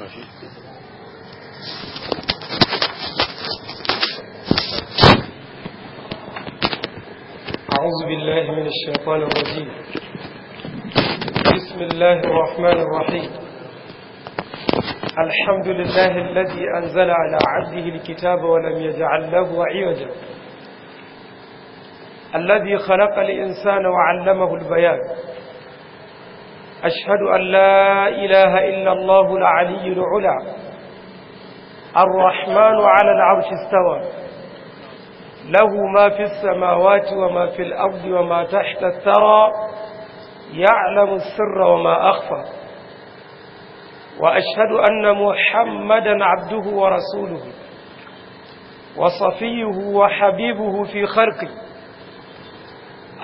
ماشي أعوذ بالله من الشيطان الرجيم بسم الله الرحمن الرحيم الحمد لله الذي أنزل على عبده الكتاب ولم يجعل له عوجا الذي خلق الإنسان وعلمه البيان أشهد أن لا إله إلا الله العلي العلى الرحمن على العرش استوى له ما في السماوات وما في الأرض وما تحت الثرى يعلم السر وما أخفى وأشهد أن محمدا عبده ورسوله وصفيه وحبيبه في خلقه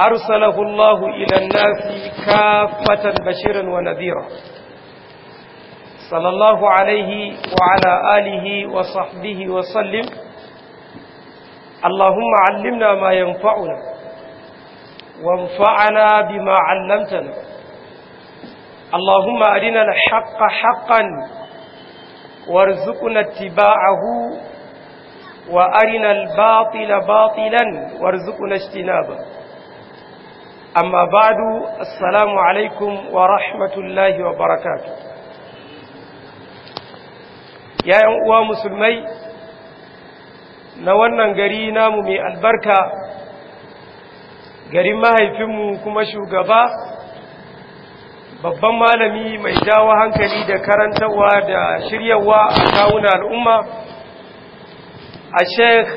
أرسله الله إلى الناس كافة بشيرا ونذيرا صلى الله عليه وعلى آله وصحبه وسلم اللهم علمنا ما ينفعنا وانفعنا بما علمتنا اللهم أرنا الحق حقا وارزقنا اتباعه وأرنا الباطل باطلا وارزقنا اجتنابه amma badu assalamu alaikum wa rahmatullahi wa barakatu yayan uwa musulmai na wannan gari namu mai albarka garin mahaifinmu kuma shugaba babban malami mai jawo hankali da karantarwa da shiryawa a kawuna al'umma a sheikh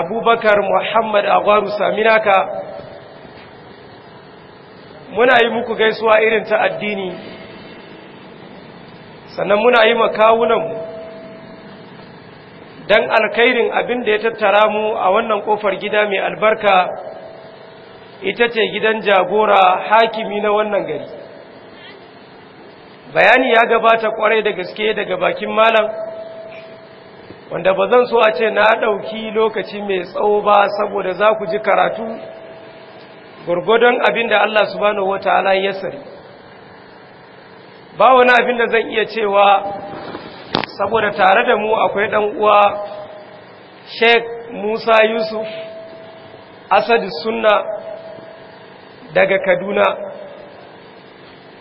abubakar muhammad agwaru saminaka muna yi muku gaisuwa irin ta addini sannan muna yi makawunanmu don alkairin abin da ya tattara mu a wannan kofar gida mai albarka ita ce gidan jagora hakimi na wannan gari bayani ya gabata kwarai da gaske daga bakin malam wanda ba zan so a ce na ɗauki lokaci mai tsawo ba saboda za ku ji karatu gurgudun abin da Allah subhanahu wataala ya sari ba wani abin da zan iya cewa saboda tare da mu akwai dan uwa Sheikh Musa Yusuf Asad Sunna daga Kaduna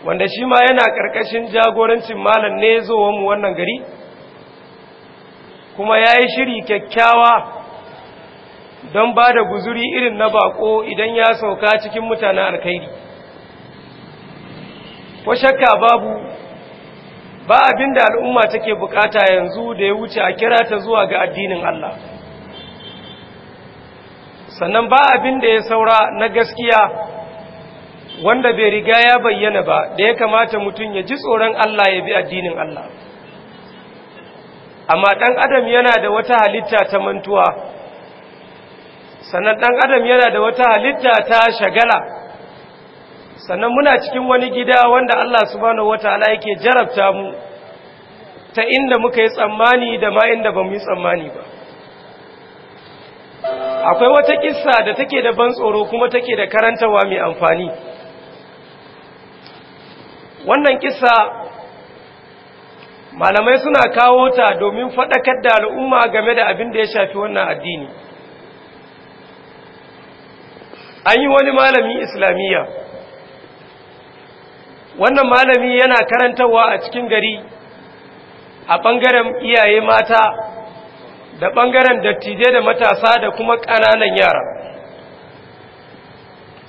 wanda shi ma yana ƙarƙashin jagorancin malam ne zuwa mu wannan gari kuma yayi shiri kyakkyawa don ba da guzuri irin na bako idan ya sauka cikin mutanen alkhairi ko shakka babu ba abin da al'umma take bukata yanzu da ya wuce a kira ta zuwa ga addinin Allah sannan ba abin da ya saura na gaskiya wanda bai riga ya bayyana ba da ya kamata mutum ya ji tsoron Allah ya bi addinin Allah amma ɗan adam yana da wata halitta ta mantuwa sannan ɗan adam yana da wata halitta ta shagala sannan muna cikin wani gida wanda Allah wata wataala yake jarabta mu ta inda muka yi tsammani da ma inda ba mu yi tsammani ba akwai wata kissa da take da ban tsoro kuma take da karantawa mai amfani wannan kisa malamai suna kawo ta domin faɗakar da al'umma game da abin da ya shafi wannan addini an yi wani malami islamiyya wannan malami yana karantarwa a cikin gari a ɓangaren iyaye mata da ɓangaren dattijai da matasa da kuma ƙananan yara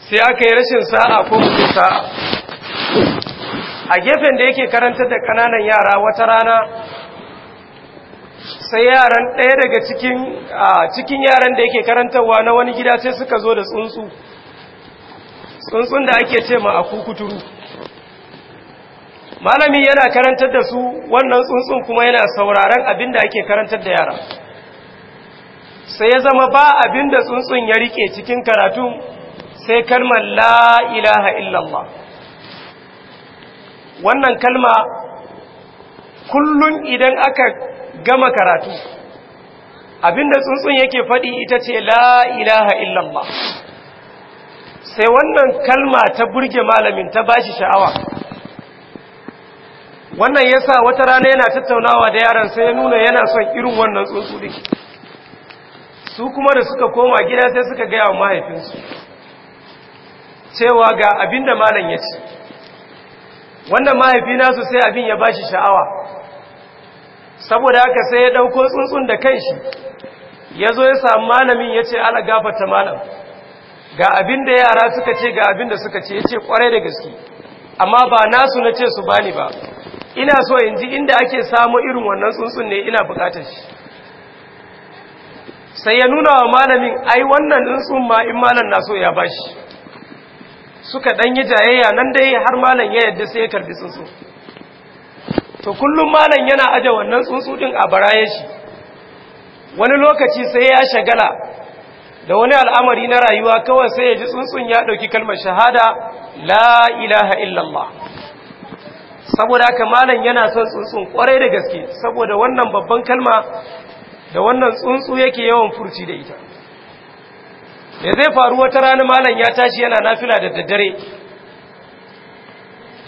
sai aka yi rashin sa'a ko mutum sa'a a gefen da yake karantar da ƙananan yara wata rana sai yaran ɗaya daga cikin yaran da yake karantarwa na wani gida sai suka zo da tsuntsu tsuntsun da ake ce ma a kukuturu malami yana karantar da su wannan tsuntsun kuma yana sauraron abin da ake karantar da yara sai ya zama ba abin da tsuntsun ya rike cikin karatu sai kalmar la illallah wannan kalma kullum idan aka gama karatu abinda tsuntsun yake faɗi ita ce la illallah sai wannan kalma ta burge malamin ta bashi sha'awa wannan yasa wata rana yana tattaunawa da yaran sai ya nuna yana son irin wannan tsuntsu din su kuma da suka koma gida sai suka gaya wa mahaifinsu cewa ga abinda malam ya ce wannan mahaifi nasu sai abin ya bashi sha'awa saboda haka sai ya ɗauko tsuntsun da kanshi ya zo ya samu malamin ya ce ala gafata malam ga abin da yara suka ce ga abin da suka ce ya ce kwarai da gaske amma ba nasu na ce su bani ba ina so in ji inda ake samu irin wannan tsuntsun ne ina bukatar shi sai ya nuna wa malamin ai wannan tsuntsun ma in malam na so ya bashi suka dan yi jayayya nan dai har malam ya yadda sai ya karbi tsuntsun to kullum malam yana aje wannan tsuntsu din a baraye shi wani lokaci sai ya shagala da wani al'amari na rayuwa kawai sai ya ji tsuntsun ya ɗauki kalmar shahada la ilaha illallah saboda haka malam yana son tsuntsun kwarai da gaske saboda wannan babban kalma da wannan tsuntsu yake yawan furci da ita da zai faru wata rana malam ya tashi yana nafila da daddare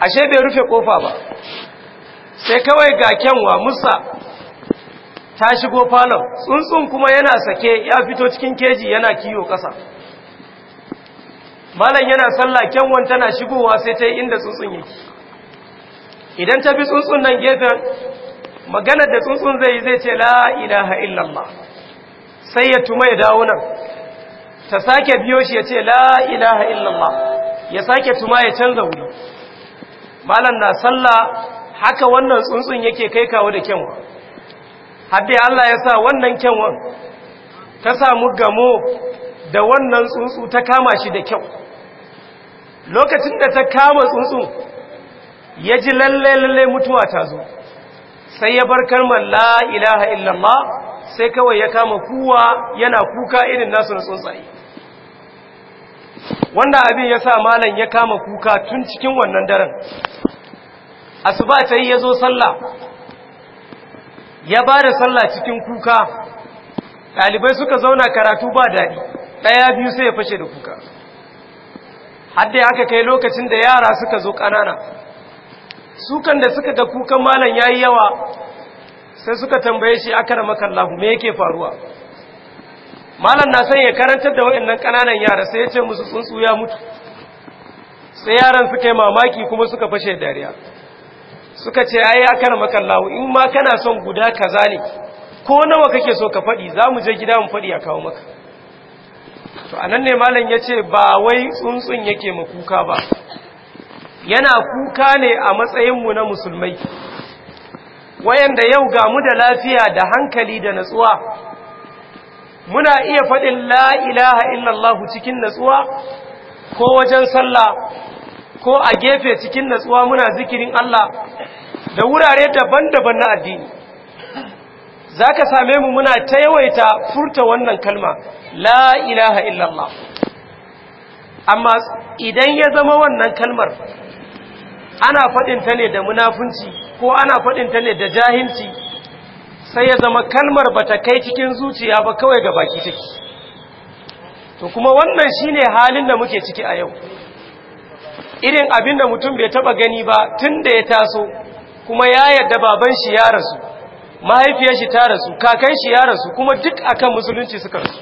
ashe bai rufe kofa ba sai kawai ga kyanwa musa ta shigo falon tsuntsun kuma yana sake ya fito cikin keji yana kiyo ƙasa malam yana sallah kyanwan tana shigowa sai ta yi inda tsuntsun yake idan ta bi tsuntsun nan gefen maganar da tsuntsun zai zai ce la ilaha illallah sai ya tuma ya dawo nan ta sake biyo shi ya ce la ilaha illallah ya sake tuma ya canza wuri malam na sallah haka wannan tsuntsun yake kai kawo da kyanwa hadde Allah ya sa wannan kyanwan ta samu gamo da wannan tsuntsu ta kama shi da kyau lokacin da ta kama tsuntsu ya ji lalle-lalle mutuwa ta zo sai ya bar kalmar la ilaha illallah sai kawai ya kama kuwa yana kuka irin nasu na tsuntsaye wanda abin ya sa malam ya kama kuka tun cikin wannan daren asuba ta yi ya zo sallah ya ba da sallah cikin kuka ɗalibai suka zauna karatu ba daɗi ɗaya biyu sai ya fashe da kuka hadda aka kai lokacin da yara suka zo ƙanana sukan da suka ga kukan malam ya yi yawa sai suka tambaye shi aka rama kallahu me yake faruwa malam na son ya karantar da waɗannan ƙananan yara sai ya ce musu tsuntsu ya mutu sai yaran suka yi mamaki kuma suka fashe dariya suka ce ai ya kana makallahu in ma kana son guda kaza ne ko nawa kake so ka faɗi za mu je gida mu faɗi a kawo maka to anan ne malam ya ce ba wai tsuntsun yake ma kuka ba yana kuka ne a matsayinmu na musulmai wayanda yau ga mu da lafiya da hankali da natsuwa muna iya faɗin la ilaha illallahu cikin natsuwa ko wajen sallah ko a gefe cikin natsuwa muna zikirin Allah da wurare daban-daban na addini za ka same mu muna ta yawaita furta wannan kalma la ilaha illallah amma idan ya zama wannan kalmar ana faɗinta ne da munafunci ko ana faɗinta ne da jahilci sai ya zama kalmar ba ta kai cikin zuciya ba kawai ga baki take to kuma wannan shine halin da muke ciki a yau irin abin da mutum bai taba gani ba tun da ya taso kuma ya yadda baban shi ya rasu mahaifiyar shi ta rasu kakan shi ya rasu kuma duk akan musulunci suka rasu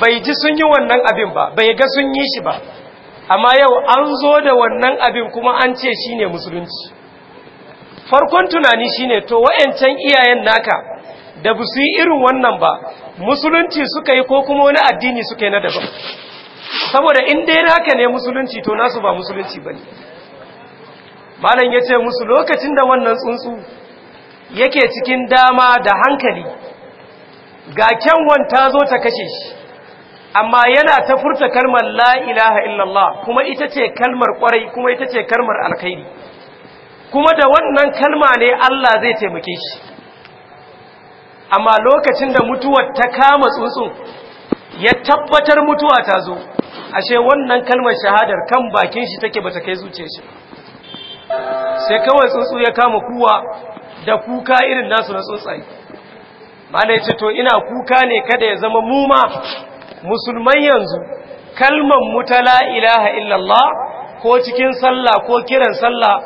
bai ji sun yi wannan abin ba bai ga sun yi shi ba amma yau an zo da wannan abin kuma an ce shine musulunci farkon tunani shine to wa'ancan iyayen naka da busu yi irin wannan ba musulunci suka yi ko kuma wani addini suka yi na daban saboda in dai haka ne musulunci to nasu ba musulunci ba ne malam ya ce musu lokacin da wannan tsuntsu yake cikin dama da hankali ga kyanwan ta zo ta kashe shi amma yana ta furta kalmar la ilaha illallah kuma ita ce kalmar kwarai kuma ita ce kalmar alkhairi kuma da wannan kalma ne Allah zai taimake shi amma lokacin da mutuwar ta kama tsuntsun ya tabbatar mutuwa ta zo ashe wannan kalmar shahadar kan bakin shi take bata kai zuciyar shi sai kawai tsuntsu ya kama kuwa da kuka irin nasu na tsuntsaye malai ce to ina kuka ne kada ya zama muma musulman yanzu kalmar mutala ilaha illallah ko cikin sallah ko kiran sallah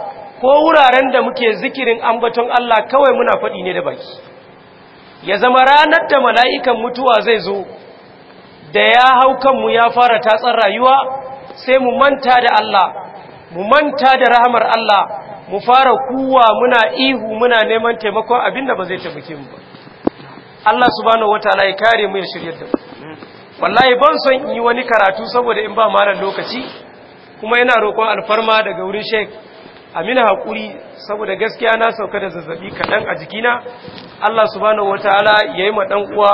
ko wuraren da muke zikirin ambaton Allah kawai muna faɗi ne da baki ya zama ranar da mala'ikan mutuwa zai zo da ya hau kanmu ya fara tatsar rayuwa sai mu manta da Allah mu manta da rahamar Allah mu fara kuwa muna ihu muna neman taimakon abinda ba zai taimake mu ba Allah subhanahu wataala ya kare mu ya shirye da mu wallahi ban son in yi wani karatu saboda in ba malam lokaci kuma yana roƙon alfarma daga wurin Sheikh amina hakuri saboda gaskiya na sauka da zazzabi kaɗan a jikina allah subhanahu wataala ya yi ma ɗan uwa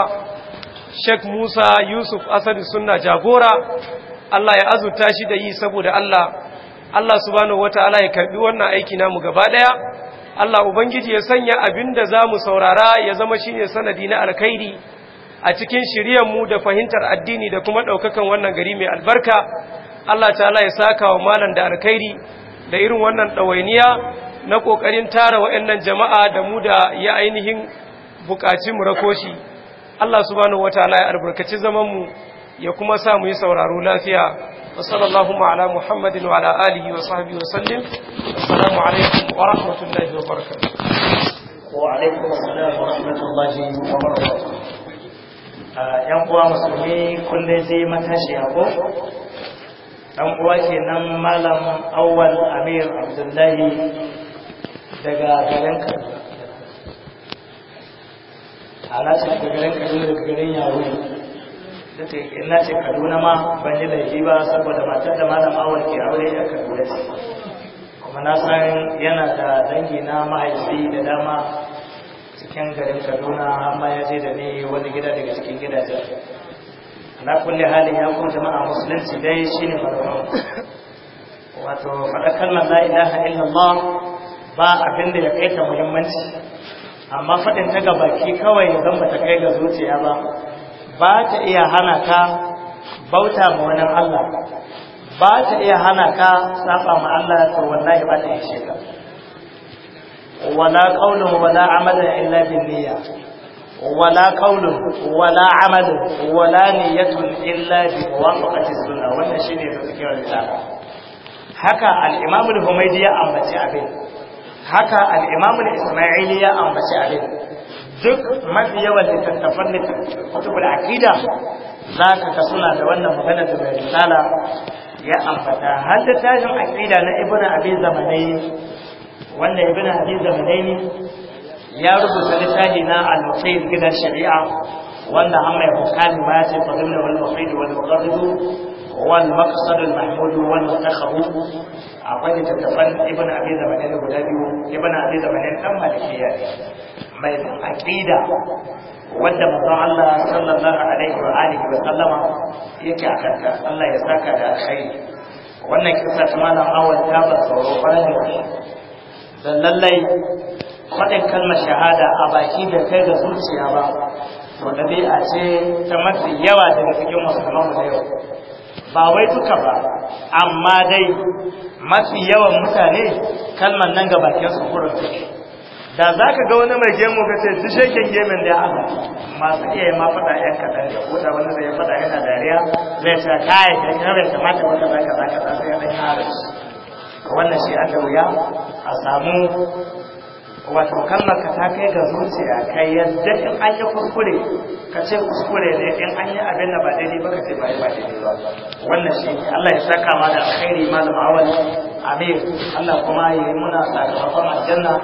Sheikh Musa Yusuf Asadi Sunna jagora Allah ya azurta shi da yi saboda Allah Allah subhanahu wataala ya karbi wannan aiki namu gaba daya Allah ubangiji ya sanya abinda zamu saurara ya zama shine sanadi na alkhairi a cikin shiriyar mu da fahimtar addini da kuma daukakan wannan gari mai albarka Allah ta'ala ya saka wa malam da alkhairi da irin wannan dawainiya na kokarin tara wa'annan jama'a da mu da ya ainihin bukaci mu rakoshi Allah subhanahu wataala ya albarkaci zaman mu ya kuma sa mu yi sauraro lafiya wa sallallahu ala muhammadin wa ala alihi wa sahbihi wa sallim assalamu alaikum wa rahmatullahi wa barakatuh wa alaikum assalam wa rahmatullahi wa barakatuh yan uwa musulmi kullum sai matashi ko dan uwa kenan malam awwal amir abdullahi daga garin kaduna halashi daga garin kaduna daga garin yawon da ta yi na ce kaduna ma ban yi laifi ba saboda matar da malam awon ke aure ya kaduna kuma na san yana da dangi na mahaifi da dama cikin garin kaduna amma ya je da ne wani gida daga cikin gidajen na kulle halin ya kuma jama'a musulunci dai shine malaman wato faɗa kalmar la illallah ba abin da ya kai ta muhimmanci amma faɗin ta ga baki kawai ya ba ta kai ga zuciya ba ba ta iya hana ka bauta ma wani Allah ba ta iya hana ka saba ma Allah to wallahi ba ta iya shekar wala qaulun wala amalan illa bin niyya wala qaulun wala amalan wala niyyatu illa bi waqati sunna wannan shine da suke wani haka al-imam al-humaydi ya ambaci abin haka al-imam ismaili ya ambaci abin duk mafi yawan littattafan kutubul aqida za ka suna da wannan magana da risala ya ambata har da akida na ibnu abi zamanai wanda ibnu abi zamanai ne ya rubuta littafi na al-muqayyid gida shari'a wanda an mai hukami ma ya ce fadilla wal muqayyid wal muqarrib wal maqsad al mahmud wal mutakhawwif akwai littattafan ibn abi zamanin guda biyu ibn abi zamanin dan malikiya ne mai aqida wanda manzon Allah sallallahu alaihi wa alihi wa sallama yake a kanta, Allah ya saka da alkhairi wannan kisa ta malam awal ta ba tsoro kwarai da lallai faɗin kalmar shahada a baki da kai da zuciya ba to dabi'a ce ta mafi yawa daga cikin musulman da yau ba wai duka ba amma dai mafi yawan mutane kalmar nan ga bakin su kurin da za ka ga wani mai gemu ka ce su shekin gemin da ya masu iya yi mafaɗa yan kaɗan da ko da wani zai faɗa yana dariya zai ce kai da ya bai kamata wata za ka za ka za ka ya ɗan wannan shi an da wuya a samu wato kalmar ka ta kai ga zuciya ka yadda in an yi kuskure ka ce kuskure ne in an yi abin da ba daidai ba ka ce ba yi ba daidai ba wannan shi Allah ya saka ma da alkhairi malam awal amin Allah kuma ya yi muna sakamakon aljanna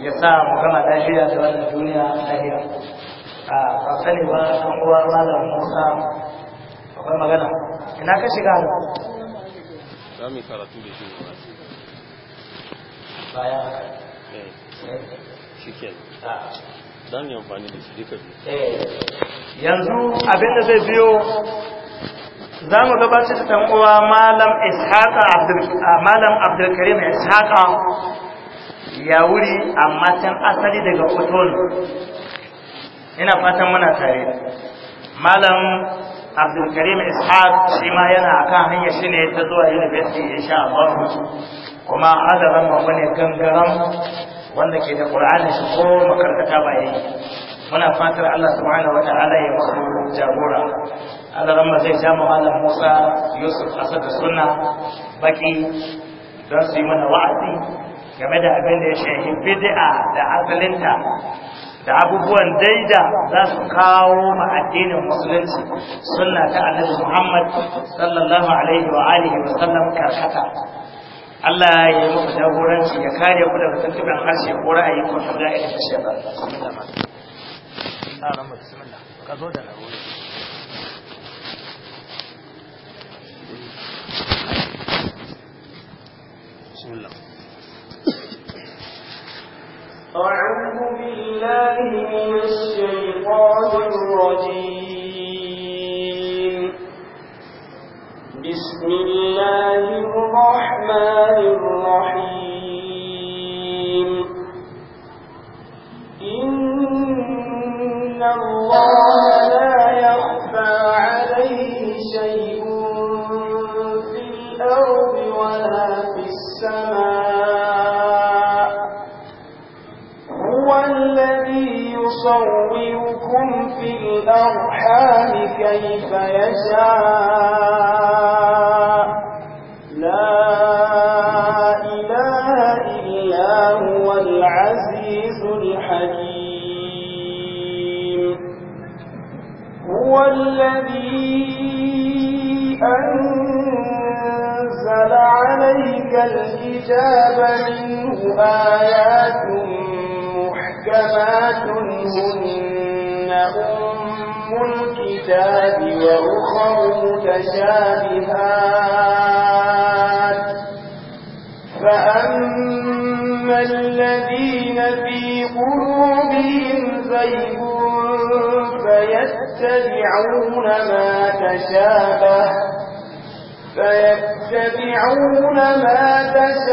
ya sa mu gama lafiya da wannan duniya lafiya a ba ba an uwa malam Musa akwai magana ina ka shiga ne za mu karatu da shi bayan haka eh. Ah. da eh, yanzu abinda zai biyo za mu gabatar da dan uwa malam ishaqa abdul ah, malam ishaqa ya wuri a matan asali daga kotonu ina fatan muna tare malam abdulkarim ishaq shi ma yana akan hanyar shi ne ta zuwa university sha Allah kuma hadarin mu ne gangaran. wanda ke da qur'anin shi ko makarkata ba yayi muna fatar Allah subhanahu wata'ala ya masu jagora Allah ramma zai ja malam Musa Yusuf Asad sunna baki don su yi mana wa'azi game da abin da ya shahi bid'a da asalinta da abubuwan daida za su kawo ma addinin musulunci sunna ta annabi Muhammad sallallahu alaihi wa alihi wa sallam karkata Allah ya yi muku jagoranci ya kare ku daga tuntuɓen harshe ko ra'ayi ko ta da'a da shi ba. Ka zo da Bismillah. أعوذ بالله من الشيطان الرجيم بسم الله الرحمن الرحيم إن الله لا يخفى عليه شيء في الأرض ولا في السماء هو الذي يصوركم في الأرحام كيف يشاء هو الذي أنزل عليك الكتاب منه آيات محكمات هن أم الكتاب وأخر متشابهات فأما الذين في قلوبهم زيغ فيتبعون فيتبعون ما تشابه فيتبعون ما تشابه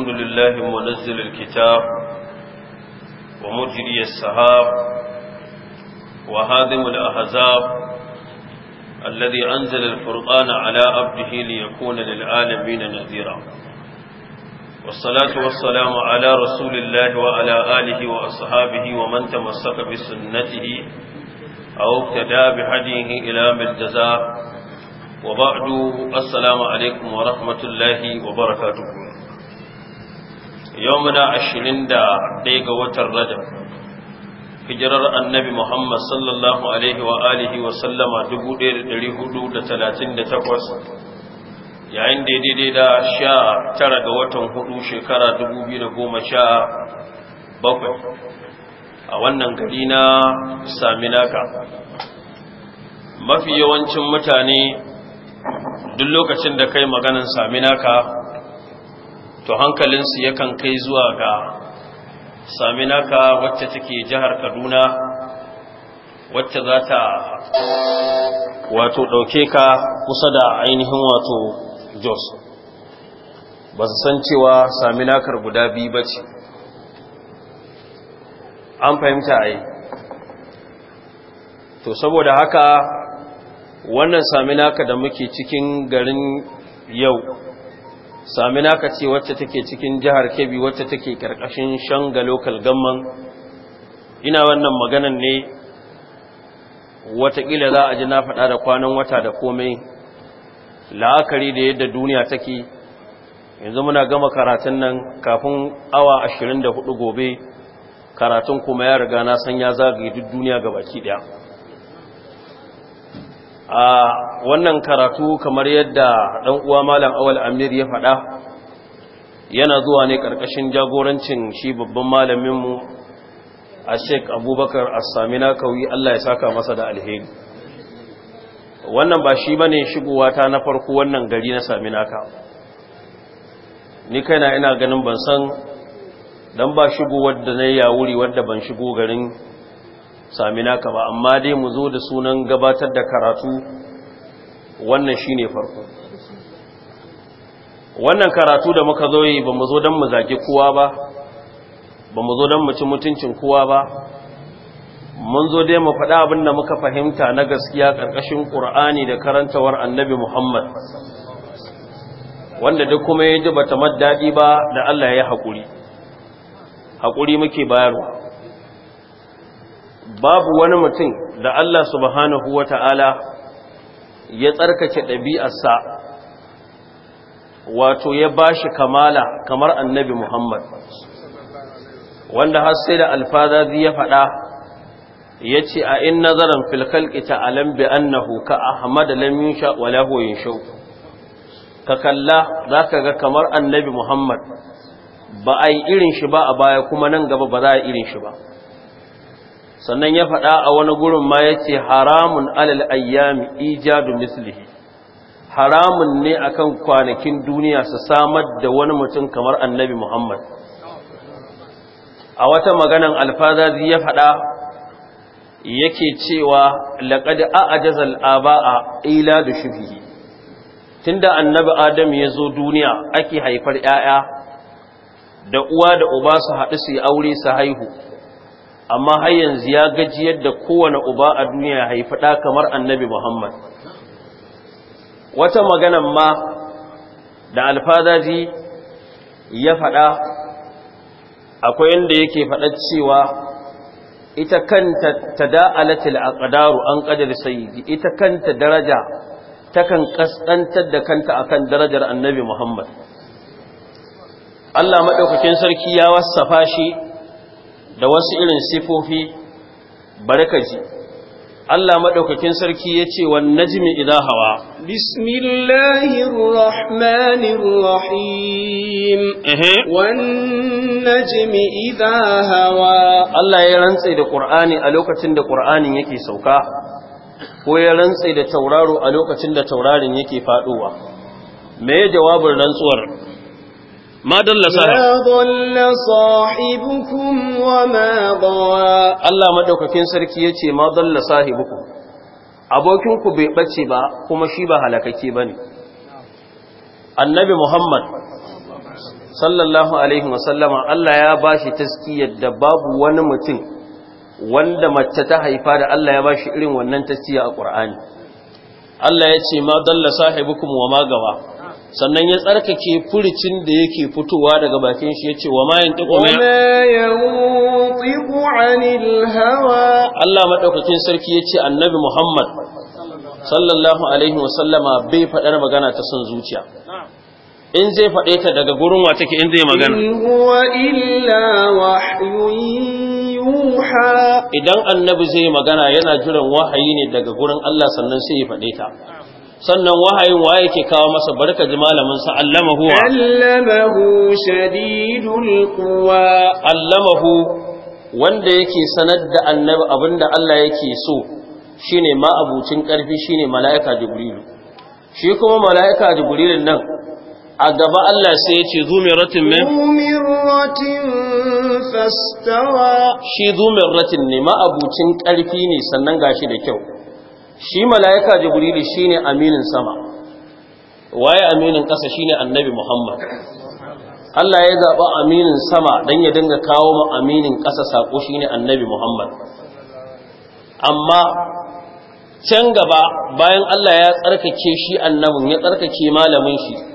الحمد لله منزل الكتاب ومجري السحاب وهادم الأحزاب الذي أنزل الفرقان على عبده ليكون للعالمين نذيرا والصلاة والسلام على رسول الله وعلى آله وأصحابه ومن تمسك بسنته أو اقتدى بحديه إلى بالجزاء وبعد السلام عليكم ورحمة الله وبركاته yau muna ashirin da ɗaya ga watan rajab hijirar annabi muhammad sallallahu alaihi wa alihi wa sallama 1438 yayin da daidai da sha tara ga watan hudu shekara 2017 a wannan gari na saminaka mafi yawancin mutane duk lokacin da kai maganar saminaka to hankalinsu yakan kai zuwa ga saminaka wacce take jihar kaduna wacce za ta wato ɗauke ka kusa da ainihin wato jos ba su san cewa saminakar guda biyu ba ce an fahimta a to saboda haka wannan saminaka da muke cikin garin yau sami na naka ce wacce take cikin jihar kebbi wacce take karkashin shanga lokal gamman ina wannan maganan ne watakila za a ji na faɗa da kwanan wata da komai la'akari da yadda duniya take yanzu muna gama karatun nan kafin awa 24 gobe karatun kuma ya riga na san ya zagaye duk duniya gabaki daya a wannan karatu kamar yadda ɗan uwa malam awal amir ya faɗa yana zuwa ne ƙarƙashin jagorancin shi babban malaminmu a sheik abubakar assamina kauyi allah ya saka masa da alheri wannan ba shi bane shigowa ta na farko wannan gari na samina ka. ni kaina ina ganin ban san dan ba shigowar da na yi wuri wadda ban shigo garin sami naka ba amma dai mu zo da sunan gabatar da karatu wannan shine farko wannan karatu da muka zo yi ba mu zo don mu zage kowa ba ba mu zo don mu ci mutuncin kowa ba mun zo dai mu faɗa abin da muka fahimta na gaskiya ƙarƙashin ƙur'ani da karantawar annabi muhammad wanda duk kuma ya ji bata maddaɗi ba da allah ya yi haƙuri haƙuri muke bayarwa babu wani mutum da Allah subhanahu wa ta'ala ya tsarkake ɗabi'arsa wato ya ba shi kamala kamar annabi Muhammad wanda har sai da alfazazi ya faɗa ya ce a in nazarin filkalki ta alambi annahu ka ahmad lamin walahoyin shau ka kalla za ka ga kamar annabi Muhammad ba a yi irin shi ba a baya kuma nan gaba ba za a irin shi ba sannan ya faɗa a wani gurin ma ya ce haramun alal ayyami ijadu misli haramun ne akan kwanakin duniya su samar da wani mutum kamar annabi muhammad a wata maganan alfazazi ya faɗa yake cewa laƙadi a ajazal aba a ila da tun tunda annabi adam ya zo duniya ake haifar ‘ya'ya da uwa da uba su haɗu su yi aure su haihu amma har yanzu ya gaji yadda kowane uba a duniya ya haifi ɗa kamar annabi Muhammad. Wata maganan ma da alfadaji ya faɗa akwai inda yake faɗa cewa ita kanta ta da'alatil aqdaru an qadar sayyidi ita kanta daraja takan kaskantar da kanta akan darajar annabi Muhammad. Allah madaukakin sarki ya wassafa shi da wasu irin sifofi barkaji Allah madaukakin sarki yace wan najmi idha hawa bismillahir rahmanir rahim wan najmi idha hawa Allah ya rantsa da Qur'ani a lokacin da Qur'anin yake sauka ko ya rantsa da tauraro a lokacin da taurarin yake faduwa me jawabin rantsuwar ma dalla sahibukum Allah madaukakin sarki yace ma dalla sahibukum bai bace ba kuma shi ba halakake ne. annabi muhammad sallallahu alaihi wasallama Allah ya bashi taskiyar da babu wani mutum wanda mace ta haifa da Allah ya bashi irin wannan taskiya a Qur'ani Allah ya ce ma dalla sahibukum wa ma gawa sannan ya tsarkake furicin da yake fitowa daga bakin shi yace wa mayin tiqu ma yantiqu anil hawa Allah madaukakin sarki yace annabi Muhammad sallallahu alaihi wasallama bai fadar magana ta son zuciya in zai fade ta daga gurin wa take in zai magana huwa illa yuha idan annabi zai magana yana jiran wahayi ne daga gurin Allah sannan sai ya fade ta sannan wahayin waye ke kawo masa barka ji malamin sa allamahu allamahu shadidul quwa allamahu wanda yake sanar da annabi abinda Allah yake so shine ma abucin karfi shine malaika jibril shi kuma malaika jibril nan a gaba Allah sai ya ce zumiratin min zumiratin fastawa shi zumiratin ne ma abucin karfi ne sannan gashi da kyau shi mala'ika shi ne aminin sama waye aminin ƙasa ne annabi muhammad Allah ya zaɓa aminin sama don ya dinga kawo ma aminin ƙasa saƙo shi ne annabi muhammad amma can gaba bayan Allah ya tsarkake shi annabin ya tsarkake malamin shi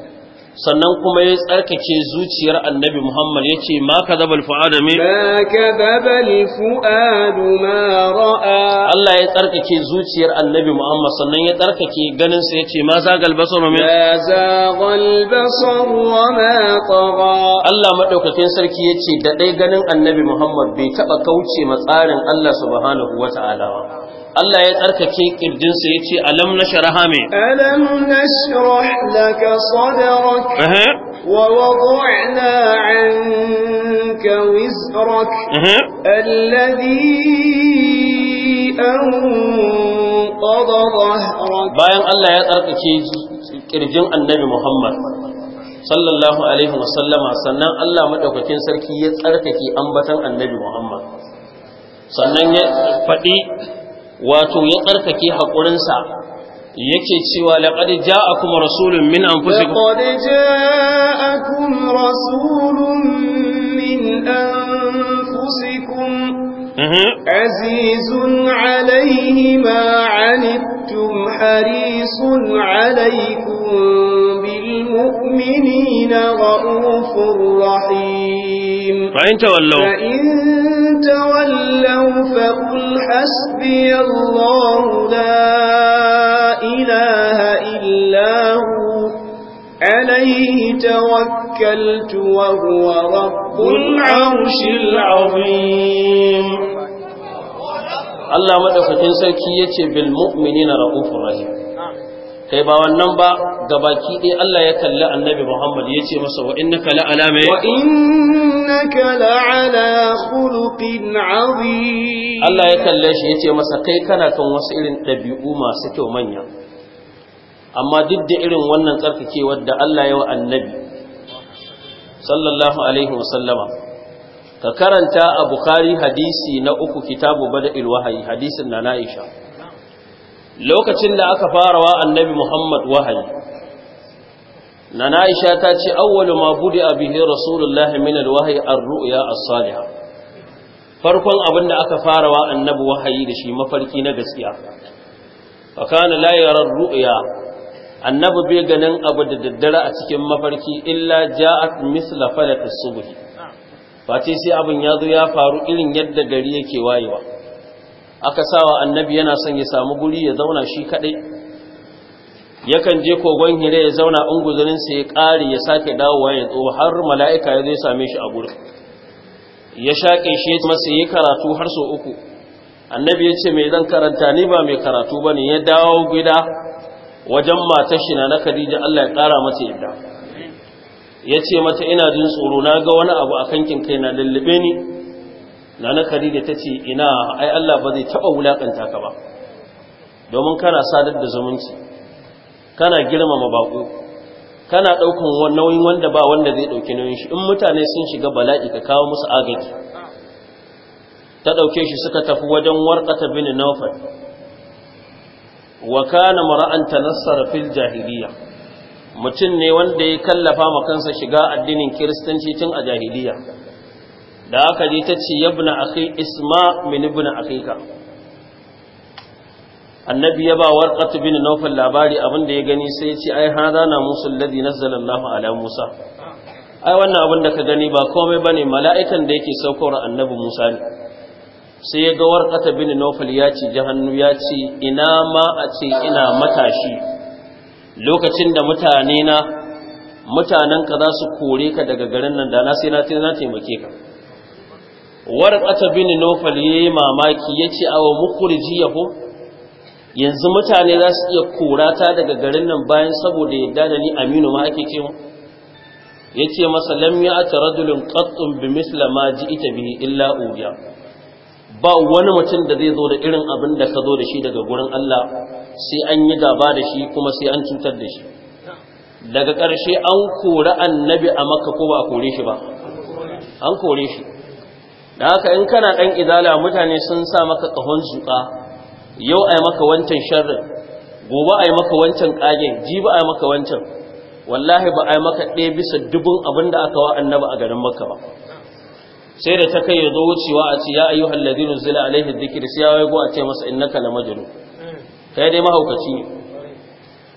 sannan kuma ya tsarkake zuciyar annabi Muhammad ya ce ma ka zabal fu'adu me? ma ka zabal Allah ya tsarkake zuciyar annabi Muhammad sannan ya tsarkake ganinsa ya ce ma zagal basaru me? ma zagal basaru wa ma tara Allah maɗaukakin sarki ya ce da ɗai ganin annabi Muhammad bai taɓa kauce ma tsarin Allah subhanahu wa ta'ala ba Allah ya tsarkake kirjinsa ya ce alam na sharaha mai alam na shirah laka sadarak wa wadu'na anka wizrak alladhi anqadha dhahrak bayan Allah ya tsarkake kirjin annabi Muhammad sallallahu alaihi wa sallama sannan Allah madaukakin sarki ya tsarkake ambatan annabi Muhammad sannan ya faɗi wato ya tsarkake haƙurinsa yake cewa laqad ja'akum rasulun min an laqad rasulun عزيز عليه ما عنتم حريص عليكم بالمؤمنين رؤوف رحيم فإن تولوا فإن تولوا فقل حسبي الله لا إله إلا هو عليه توكلت وهو رب العرش العظيم Allah madaukakin sarki yace bil mu'minina raufur rahim kai ba wannan ba gabaki dai Allah ya kalli Annabi Muhammad ya ce masa wa innaka la ala ma wa innaka la ala khuluqin azim Allah ya kalle shi ya ce masa kai kana kan wasu irin dabi'u masu kyau manya amma duk da irin wannan tsarkakewar da Allah ya annabi sallallahu alaihi wasallama ka karanta a Bukhari hadisi na uku kitabu bada'il wahayi hadisin na Na'isha. lokacin da aka fara wa annabi Muhammad wahayi na ta ce awwalu ma budi bihe rasulullah min alwahyi ruya a saliha farkon abin da aka fara wa annabi wahayi da shi mafarki na gaskiya fa kana la yara ruya annabi bai ganin abu da daddare a cikin mafarki illa ja'at misla falaqis subh Fati sai abin ya zo ya faru irin yadda gari yake wayewa aka sawa annabi yana son ya samu guri ya zauna shi kadai yakan je kogon hire ya zauna unguzurin sai ya kare ya sake dawowa ya tsoho har mala'ika ya zo ya same shi a gurin ya shaƙe shi masa yi karatu har so uku annabi ya ce mai zan karanta ni ba mai karatu bane ya dawo gida wajen matar shi na Khadija Allah ya kara mata yadda ya ce mata ina jin tsoro na ga wani abu a kankin kai na lullube ni na na Khadija ta ce ina ai Allah ba zai taɓa wulaƙanta ka ba domin kana sadar da zumunci kana girmama baƙo kana ɗaukan nauyin wanda ba wanda zai ɗauki nauyin shi in mutane sun shiga bala'i ka kawo musu agaji ta ɗauke shi suka tafi wajen warƙata bin naufal wa kana mar'an tanassara fil jahiliya mutum ne wanda ya kallafa ma kansa shiga addinin kiristanci tun a jahiliya da aka ji ta ce yabna akhi isma min ibn akhika annabi ya ba warqat bin nawfal labari abin da ya gani sai ya ce ai hada na musul ladhi nazzala Allah ala Musa ai wannan abin da ka gani ba komai bane mala'ikan da yake saukar annabi Musa ne sai ya ga warkata bin nufal ya ce hannu ya ce ina ma a ce ina matashi lokacin da mutane na mutanen ka za su kore ka daga garin nan da na sai na taimake ka warkata bin nufal ya yi mamaki ya ce awa mukurji yaho yanzu mutane za su iya korata daga garin nan bayan saboda yadda da ni aminu ma ake ce ya ce masa lam ya ta rajulun qattun bi misla ma ji ita bi illa ubiya ba wani mutum da zai zo da irin abin da ka zo da shi daga gurin Allah sai an yi gaba da shi kuma sai an cutar da shi daga ƙarshe an kori annabi a makka ko ba a kore shi ba an kore shi da haka in kana ɗan izala mutane sun sa maka ƙahon zuƙa yau a yi maka wancan sharrin gobe a yi maka wancan ƙagen jibi a yi maka wancan wallahi ba a yi maka ɗaya bisa dubun abin da aka wa Annabi a garin makka ba sai da ta kai ya zo wucewa a ce ya ayyuhal ladina zila alaihi dhikri sai ya go a ce masa innaka la majnun kai dai mahaukaci ne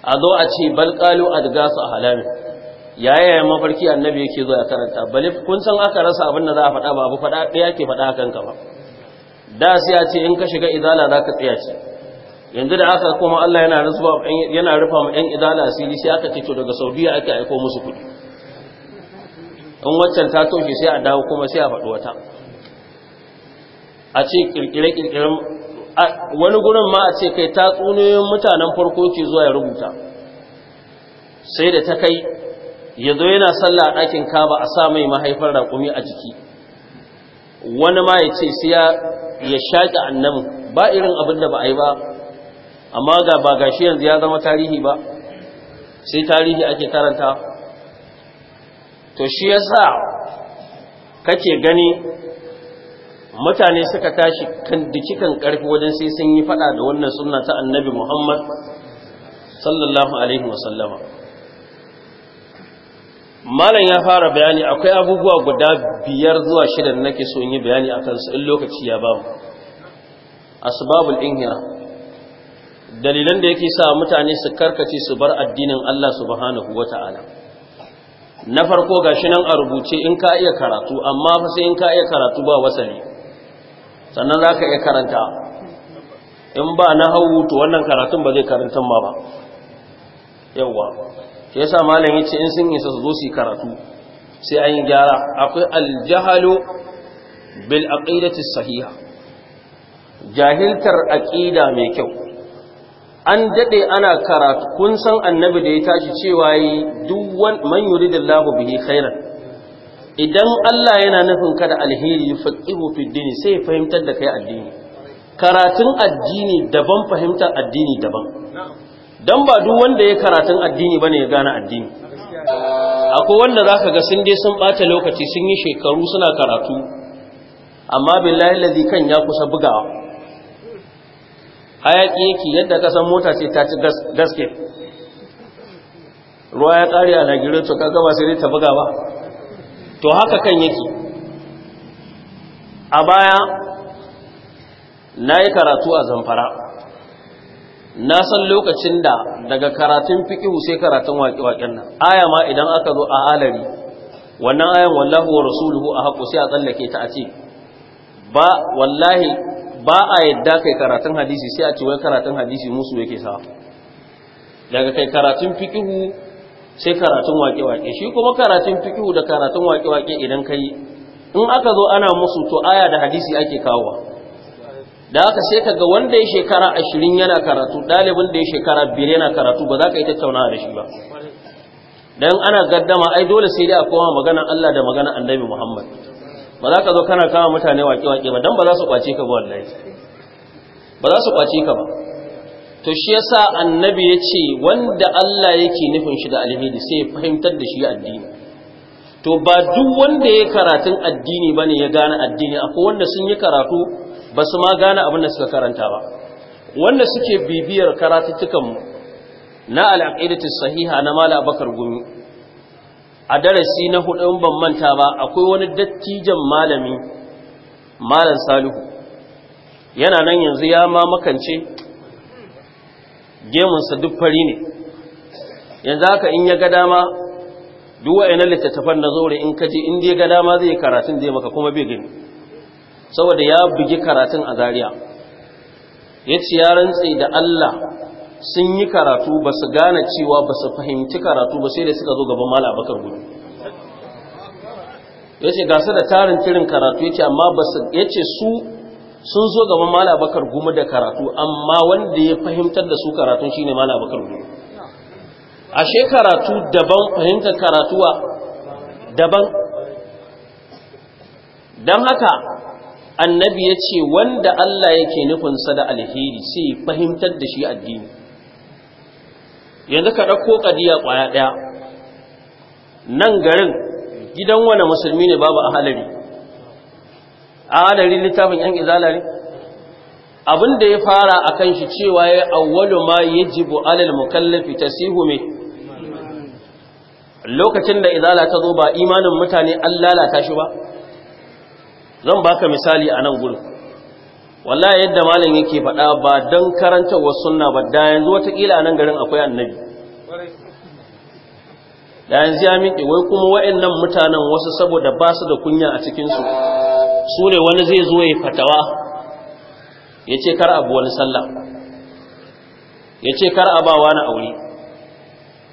a zo a ce bal qalu adgasu ahlami yaya mafarki annabi yake zo ya karanta bali kun san aka rasa abin da za a faɗa ba abu faɗa ɗaya ke faɗa akan ba da sai a ce in ka shiga idala za ka tsaya ce yanzu da aka koma Allah yana rufa wa 'yan idala asiri sai aka ce to daga Saudiya ake aiko musu kuɗi in waccan ta toshe sai a dawo kuma sai a faɗi wata a ce kirkire-kirkiren wani gurin ma a ce kai ta tsuniyoyin mutanen farko ke zuwa ya rubuta sai da ta kai ya zo yana sallah a ɗakin kaba a sa mai mahaifar raƙumi a jiki wani ma ya ce sai ya shaƙi annan, ba irin abin da ba a yi ba amma ga ba gashi yanzu ya zama tarihi ba sai tarihi ake karanta to shi ya yasa kake gani mutane suka tashi kan dikikan karfi wajen sai sun yi faɗa da wannan sunna ta annabi Muhammad sallallahu alaihi wasallama malam ya fara bayani akwai abubuwa guda biyar zuwa shida da nake so in yi bayani akan su in lokaci ya bamu asbabul inhira dalilan da yake sa mutane su karkace su bar addinin Allah subhanahu wata'ala na farko ga shi nan a rubuce in ka iya karatu amma fa sai in ka iya karatu ba wasali sannan za ka iya karanta in ba na hau to wannan karatun ba zai karantun ma ba yawwa shi sa malam yace in sun isa su zo su karatu sai an yi gyara akwai aljahalu bil aqidati sahiha jahiltar aqida mai kyau an daɗe ana karatu kun san annabi da ya tashi cewa yi duk man Labu bihi khairan idan Allah yana nufin ka da alheri yufaqihu fid din sai ya fahimtar da kai addini karatun addini daban fahimtar addini daban don ba duk wanda ya karatun addini ba ne ya gane addini akwai wanda za ka ga sun je sun bata lokaci sun yi shekaru suna karatu amma billahi lazi kan ya kusa bugawa hayaki yake yadda kasan mota ce ta ci gaske ruwa ya ƙare a nigeria to kaga ba sai dai ta buga ba to haka kan yake a baya na yi karatu a zamfara na san lokacin da daga karatun fikihu sai karatun waƙe-waƙen nan aya ma idan aka zo a alari wannan ayan wallahu wa rasuluhu a haƙo sai a tsallake ta a ce ba wallahi ba a yadda kai karatun hadisi sai a ce wai karatun hadisi musu yake sa daga kai karatun fikihu sai karatun waƙe-waƙe shi kuma karatun fikihu da karatun waƙe-waƙe idan kai in aka zo ana musu to aya da hadisi ake kawowa da aka sai kaga wanda ya shekara ashirin yana karatu ɗalibin da ya shekara biyar yana karatu ba za ka yi tattaunawa da shi ba dan ana gaddama ai dole sai dai a koma magana Allah da magana Annabi Muhammad ba za ka zo kana kama mutane waƙe-waƙe ba don ba za su ƙwace ka ba ba za su ƙwace ka ba to shi sa annabi ya ce wanda Allah yake nufin shi da alhidi sai ya fahimtar da shi addini to ba duk wanda ya karatun addini ba ne ya gane addini akwai wanda sun yi karatu ba su ma gane abin da suka karanta ba wanda suke bibiyar karatuttukan mu na al sahiha na Malabakar Abakar Gumi a darasi na hudu in ban manta ba akwai wani dattijan malami malam salihu yana nan yanzu ya ma makance gemunsa duk fari ne yanzu haka in ya ga dama duk na littattafan na zaure in kaji in ya ga dama zai karatun zai maka kuma bai gani saboda ya bugi karatun a zariya ya ci ya rantsi da Allah sun yi karatu ba su gane cewa ba su fahimci karatu ba sai da suka zo gaban mala bakar gudu ya ce gasa da tarin tirin karatu ya ce amma ya ce su sun zo gaban mala bakar gumu da karatu amma wanda ya fahimtar da su karatun shine mala gudu. gumu ashe karatu daban fahimtar karatuwa daban don haka annabi ya ce wanda Allah yake nufinsa da alheri sai fahimtar da shi addini yanzu ka ɗauko ƙadiya ƙwaya ɗaya nan garin gidan wani musulmi ne babu a halari a halari littafin yan izalari abin da ya fara a kan shi cewa ya awwalu ma ya jibo alal mukallafi tasihu mai lokacin da izala ta zo ba imanin mutane an lalata shi ba zan baka misali a nan gudu. wallahi yadda malam yake faɗa ba dan karantarwa suna ba da yanzu watakila nan garin akwai annabi da yanzu ya miƙe wai kuma wa'annan mutanen wasu saboda ba su da kunya a cikinsu su ne wani zai zo ya fatawa ya ce kar abu wani sallah ya ce kar a ba wani aure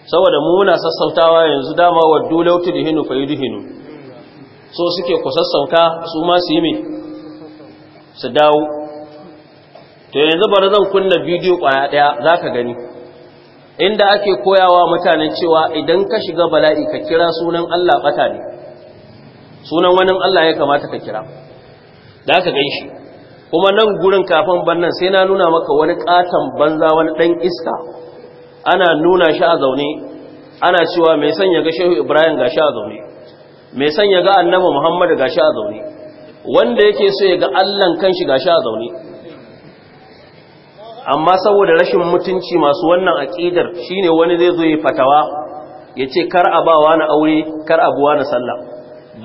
saboda mu muna sassautawa yanzu dama wa dulautu fayi fa hinu so suke ku sassauka su ma su yi mai su dawo to yanzu bari zan kunna bidiyo kwaya daya zaka gani inda ake koyawa mutanen cewa idan ka shiga bala'i ka kira sunan Allah bata ne sunan wani Allah ya kamata ka kira za ka shi kuma nan gurin kafin bannan sai na nuna maka wani katon banza wani dan iska ana nuna shi a zaune ana cewa mai son ga Shehu Ibrahim gashi a zaune mai son ya ga Annabi Muhammad gashi a zaune wanda yake so ya ga shi kanshi gashi a zaune amma saboda rashin mutunci masu wannan aƙidar shine wani zai zo ya fatawa yace kar a bawa na aure kar a buwa na sallah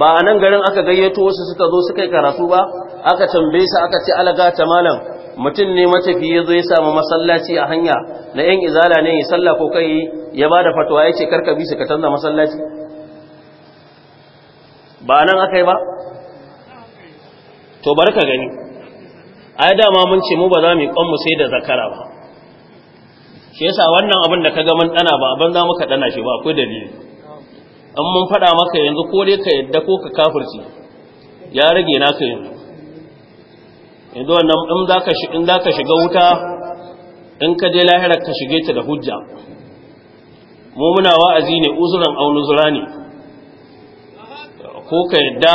ba a nan garin aka gayyato wasu suka zo suka yi karatu ba aka tambaye su aka ce alaga ta malam mutum ne matafi ya zo ya samu masallaci a hanya na yan izala ne ya sallah ko kai ya ba da fatawa ya kar ka bi su ka canza masallaci ba a nan aka yi ba to barka ka gani ai dama mun ce mu ba za mu yi mu sai da zakara ba shi yasa wannan abin da kaga mun dana ba abin za muka dana shi ba akwai dalili an mun faɗa maka yanzu ko dai ka yadda ko ka kafirci ya rage naka yanzu yanzu wannan in za ka in za ka shiga wuta in ka je lahira ka shige ta da hujja mu muna wa'azi ne uzuran aunuzura ne ko ka yadda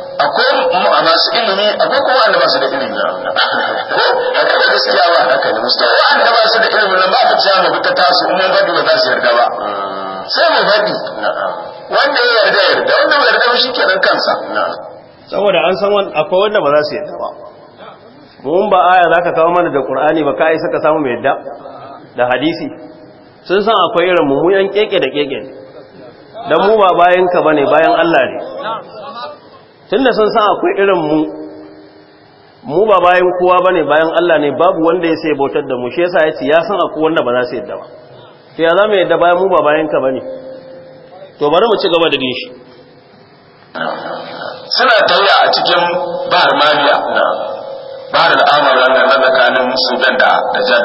akwai masu ilimi akwai kuma wanda masu da ilimi ko haka da gaskiya ba haka ne mustawa wanda ba su da ilimi nan ba ka ci mu fita tasu mun gadi ba za su yarda ba sai mu gadi wanda ya yarda yarda wanda bai yarda shi kenan kansa saboda an san akwai wanda ba za su yarda ba mun ba aya za ka kawo mana da qur'ani ba kai saka samu mai yarda da hadisi sun san akwai irin mu yan keke da keke dan mu ba bayan ka bane bayan Allah ne tun da sun san akwai irin mu mu ba bayan kowa ba ne bayan Allah ne babu wanda ya sai bautar da mu shi yasa ya ce ya san akwai wanda ba za su yadda ba to ya za mu yadda bayan mu ba bayan ka ba ne to bari mu ci gaba da din shi suna tafiya a cikin bahar mariya na bahar al'amar ranar na tsakanin sudan da da jihar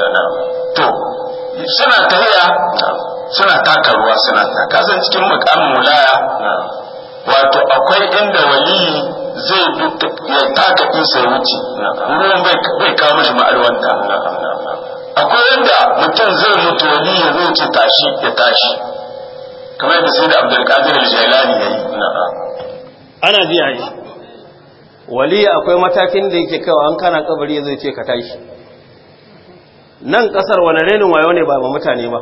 da na to suna tafiya suna taka ruwa suna taka zan cikin mukamin mulaya wato akwai inda waliyi zai ya taka isa wuce ruwan bai ka shi ma'arwanta akwai inda mutum zai mutu wani ya wuce tashi ya tashi kamar yadda sai da qadir al-jailani ya yi ana ji ai wali akwai matakin da yake kawo an kana kabari zai ce ka tashi nan kasar wani renin wayo ne ba mutane ba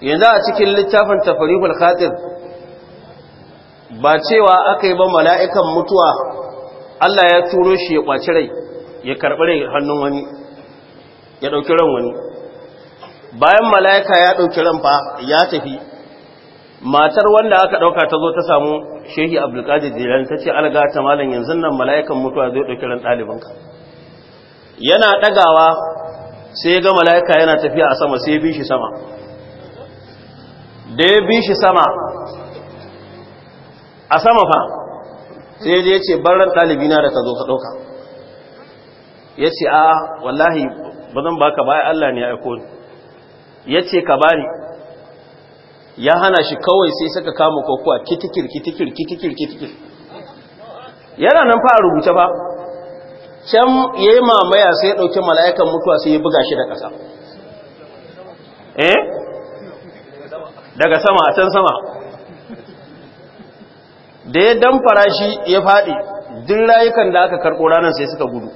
yanzu a cikin littafin tafarihul khatir ba cewa aka yi ba mala'ikan mutuwa Allah ya turo shi ya ƙwaci rai ya karɓi rai hannun wani ya ɗauki ran wani bayan mala'ika ya ɗauki ran fa ya tafi matar wanda aka ɗauka ta zo ta samu shehi abdulkadir jilani ta ce alga ta malam yanzu nan mala'ikan mutuwa zai ɗauki ran ɗalibanka yana ɗagawa sai ga mala'ika yana tafiya a sama sai ya bi shi sama da ya bi shi sama a sama fa sai ya ce barran ɗalibi na da ka zo ka ɗauka ya ce a wallahi ba zan ba baka baya Allah ne ya aiko ni ya ce ka bani ya hana shi kawai sai saka kama kokowa kitikir kitikir kitikir kitikir yana nan fa a rubuta ba can ya yi mamaya sai ya ɗauki mala'ikan mutuwa sai ya buga shi da ƙasa eh daga sama a can sama da ya damfara shi ya faɗi duk rayukan da aka karɓo ranar sai suka gudu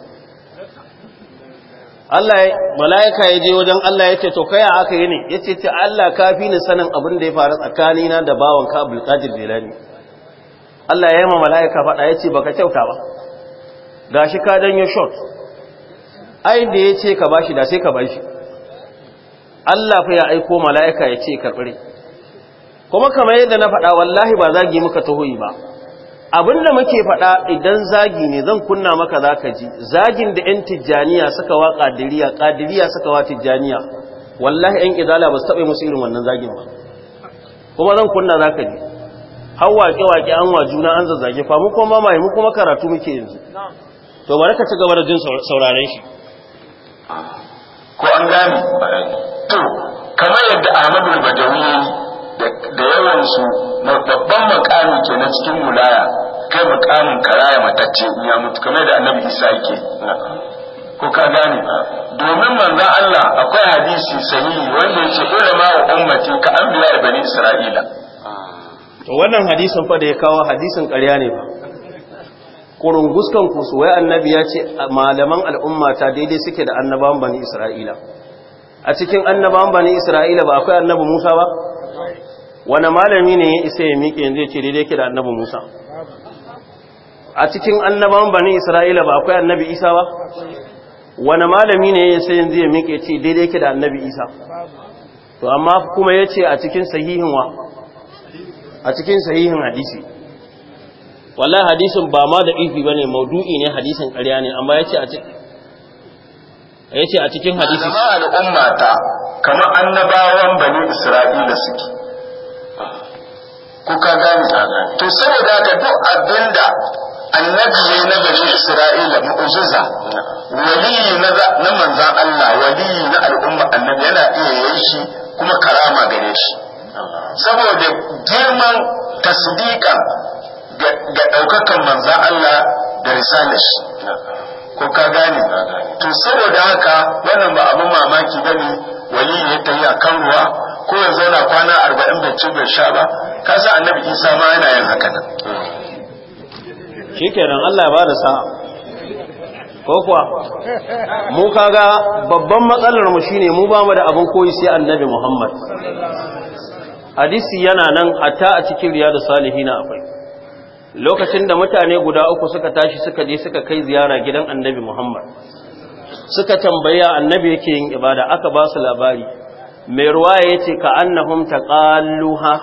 Allah mala'ika ya je wajen Allah ya ce to kai aka yi ne ya ce ta Allah kafi ni sanin abin da ya faru tsakanina da bawan ka Abdul Qadir Jilani Allah ya yi ma mala'ika faɗa ya ce baka kyauta ba gashi ka danyo shot ai da ya ce ka bashi da sai ka bashi Allah fa ya aiko mala'ika ya ce karɓi kuma kamar yadda na faɗa wallahi ba zagi muka tuhuyi ba abinda muke faɗa idan zagi ne zan kunna maka za ka ji zagin da yan tijjaniya suka wa ƙadiriya ƙadiriya suka wa tijjaniya wallahi yan izala ba su taɓa musu irin wannan zagin ba kuma zan kunna za ka ji har waƙe-waƙe an wa juna an zazzage fa mu kuma mai mu kuma karatu muke yanzu to bari ka ci gaba da jin sauraren shi ko an gane kamar yadda Ahmadu Badawi da yawan su babban makami ke na cikin mulaya kai makamin karaya matacce ya mutu kamar da annabi isa yake ko ka gane domin manzo Allah akwai hadisi sahihi wanda yake ulama wa ummati ka anbiya bani isra'ila to wannan hadisin fa da ya kawo hadisin ƙarya ne ba guskan ku su wai annabi ya ce malaman al'ummata ta daidai suke da annaban bani isra'ila a cikin annaban bani isra'ila ba akwai annabi musa ba wani malami ne ya isa ya miƙe yanzu ya ce daidai ke da annabi musa a cikin annaban bani isra'ila ba akwai annabi isa ba wani malami ne ya isa yanzu ya miƙe ce daidai ke da annabi isa to amma kuma ya ce a cikin sahihin wa a cikin sahihin hadisi wallahi hadisin ba ma da ifi ne maudu'i ne hadisin ƙarya ne amma ce a cikin yace a cikin hadisi A al'umma ta kamar annabawan bani isra'ila suke ko ka gane to saboda haka duk abinda annabi ne na bani isra'ila mu'jiza waliyi na manzan Allah waliyi na al'umma annabi yana iya yayi kuma karama gare shi saboda girman tasdika ga ɗaukakan manzan Allah da risalar shi ko ka gane to saboda haka wannan ba abin mamaki bane waliyi ya tayi akan ruwa ko ya zauna kwana arba'in da bai sha ba ka sa annabi isa ma yana yin haka nan shikenan Allah ya bada sa'a ko kuwa mu kaga babban matsalar mu shine mu ba mu da abin koyi sai annabi Muhammad hadisi yana nan hatta a cikin riyadu salihina akwai lokacin da mutane guda uku suka tashi suka je suka kai ziyara gidan annabi Muhammad suka tambaya annabi yake yin ibada aka ba su labari mai ruwa ya ce ka annahum kaluha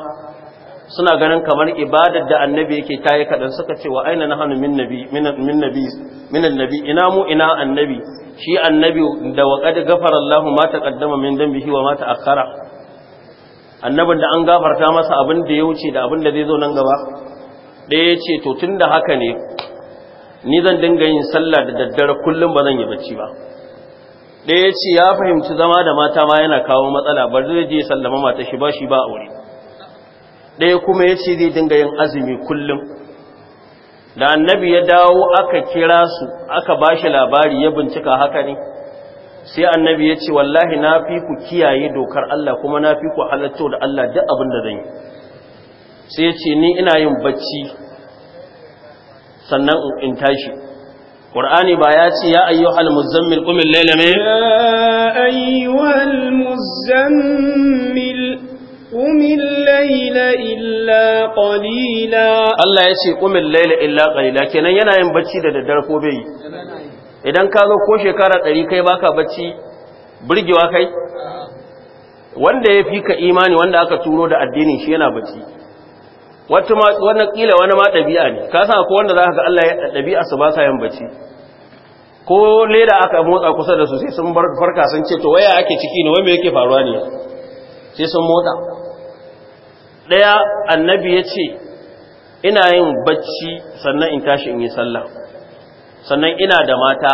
suna ganin kamar ibadar da annabi yake ta yi kaɗan suka ce wa aina na hannu min nabi ina mu ina annabi shi annabi da wa qad ghafara Allahu ma ƙaddama min dambihi wa ma akara annabin da an gafarta masa abin da ya wuce da abin da zai zo nan gaba ɗaya ce to tun da haka ne ni zan dinga yin sallah da daddare kullum ba zan yi bacci ba ɗaya ya ce ya fahimci zama da mata ma yana kawo matsala ba zai je sallama mata shi ba shi ba aure ɗaya kuma ya ce zai dinga yin azumi kullum da annabi ya dawo aka kira su aka ba shi labari ya bincika haka ne sai annabi ya ce wallahi na fi ku kiyaye dokar Allah kuma na fi ku halatto da Allah duk abin da zan yi sai ya ce ni ina yin bacci sannan in tashi Qur'ani ba ya ce ya ayyuhal muzammil qum layla muzammil illa qalila Allah ya ce ƙumin al-layla illa qalila kenan yana yin bacci da daddare ko bai yi. idan ka zo ko shekara ɗari kai baka bacci burgewa kai wanda ya fi ka imani wanda aka turo da addinin shi yana bacci wannan kila wani ma ɗabi'a ne ka san akwai wanda za ka ga Allah ya ɗabi'a su ba sa yin bacci ko leda aka motsa kusa da su sai sun farka sun ce to waya ake ciki ne me yake faruwa ne sai sun motsa ɗaya annabi ya ce ina yin bacci sannan in tashi in yi sallah sannan ina da mata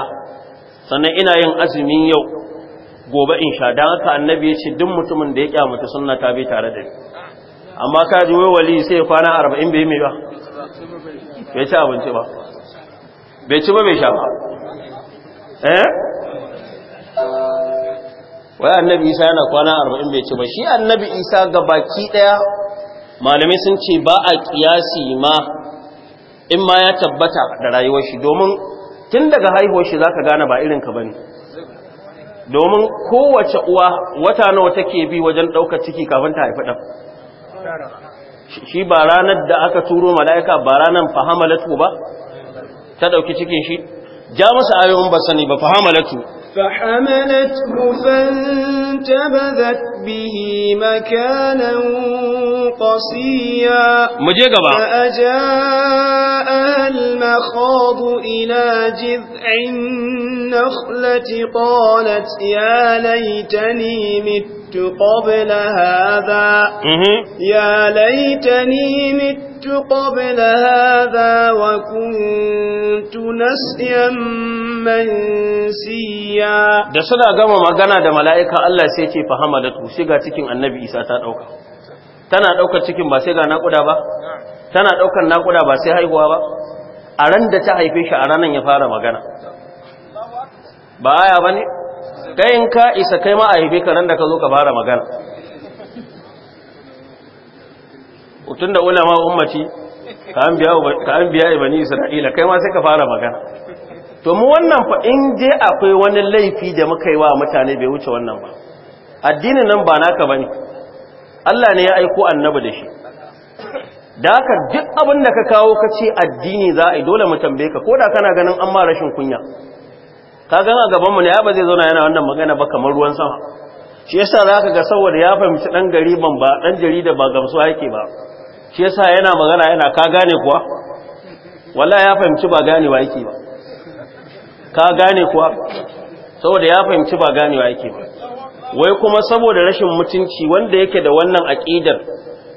sannan ina yin azumin yau gobe in sha haka annabi ya ce duk mutumin da ya kyamata sunna ta bai tare da ni amma ka ji wai wali sai kwana arba'in bai mai ba bai ci abinci ba bai ci ba bai sha ba eh wai annabi isa yana kwana arba'in bai ci ba shi annabi isa ga baki ɗaya malamai sun ce ba a kiyasi ma in ma ya tabbata da rayuwar shi domin tun daga haihuwar shi zaka gane ba irin ka bane domin kowace uwa wata nawa take bi wajen ɗaukar ciki kafin ta haifi ɗan shi ba ranar da aka turo mala'ika ba ranar fahamalatu ba ta ɗauki cikin shi ja masa ayoyin ba sani ba fahamalatu فحملته فانتبذت به مكانا قصيا فأجاء المخاض إلى جذع النخلة قالت ya ليتني مت مت قبل هذا يا ليتني مت قبل هذا وكنت نسيا منسيا da suna gama magana da mala'ika Allah sai ce fa hamalatu sai ga cikin annabi Isa ta dauka tana dauka cikin ba sai ga nakuda ba tana daukan nakuda ba sai haihuwa ba a ran da ta haife shi a ranan ya fara magana ba aya bane kai ka isa kai ma a haife ka da ka zo ka fara magana tun da ulama ummaci ka an biya ibani isra'ila kai ma sai ka fara magana to mu wannan fa in je akwai wani laifi da muka yi wa mutane bai wuce wannan ba addinin nan ba naka bane Allah ne ya aiko annabi da shi da haka duk abin da ka kawo ka ce addini za a yi dole mu tambaye ka ko da kana ganin an ma rashin kunya kaga a gabanmu ne ba zai zauna yana wannan magana ba kamar ruwan sama shi yasa ka ga saboda ya fahimci dan gariban ba dan jarida ba gamsu yake ba shi yasa yana magana yana ka gane kuwa walla ya fahimci ba gane wa yake ba ka gane kuwa saboda ya fahimci ba gane wa yake ba wai kuma saboda rashin mutunci wanda yake da wannan aqidar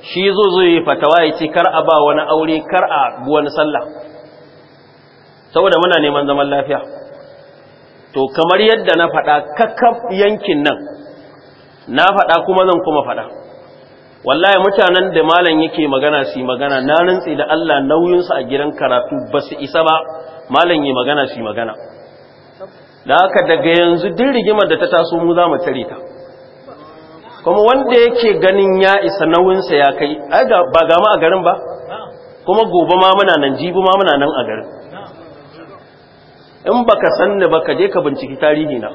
shi zo zo yi fatawa ya ce kar a ba wani aure kar a wani sallah saboda muna neman zaman lafiya to kamar yadda na faɗa kakkaf yankin nan na faɗa kuma zan kuma faɗa wallahi mutanen da malam yake magana su magana na rantsi da Allah nauyinsu a gidan karatu ba su isa ba malam yi magana su magana da haka daga yanzu duk rigimar da ta taso mu za mu tare ta kuma wanda yake ganin ya isa nauyinsa ya kai ba ga mu a garin ba kuma gobe ma muna nan jibi ma muna nan a garin in baka sanni ba ka je ka binciki tarihi na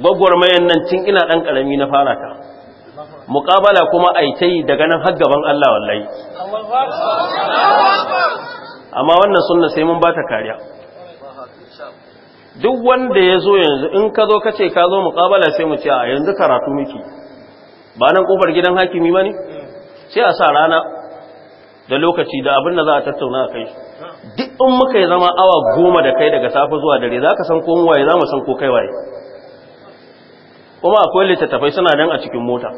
mayan nan tun ina ɗan karami na fara ta muƙabala kuma aitai daga nan har gaban Allah wallahi amma wannan sunna sai mun bata kariya duk wanda yazo yanzu in ka zo ka ce ka zo muƙabala sai mu ce a yanzu karatu miki ba nan ƙofar gidan hakimi bane ne sai a sa rana da lokaci da abin da za a tattauna a kai shi duk in muka yi zama awa goma da kai daga safe zuwa dare za ka san ko waye za mu san ko kai waye kuma akwai littattafai suna nan a cikin mota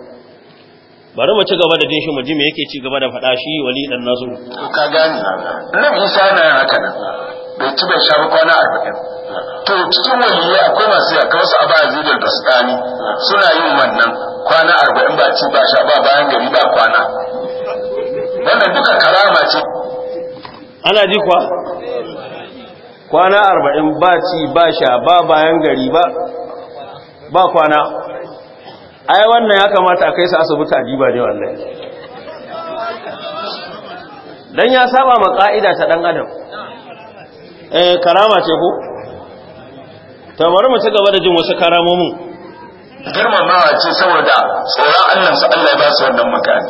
bari mu ci gaba da jin shi mu ji me yake ci gaba da faɗa shi wali dan nasu ka gane nan Isa yana yin haka nan bai ci bai sha kwana arba'in to cikin ya akwai masu yaka wasu abu da basdani suna yin wannan kwana arba'in ba ci ba sha ba bayan gari ba kwana wannan duka karama ce ana ji kwa? kwana arba'in ba ci ba sha ba bayan gari ba ba kwana ai wannan ya kamata a kai su asibiti a jiba ne wallahi dan ya saba ma ka'ida ta dan adam eh karama ce ko to mu ci gaba da jin wasu karamomin girmamawa ce saboda tsoron Allah su Allah ba su wannan makami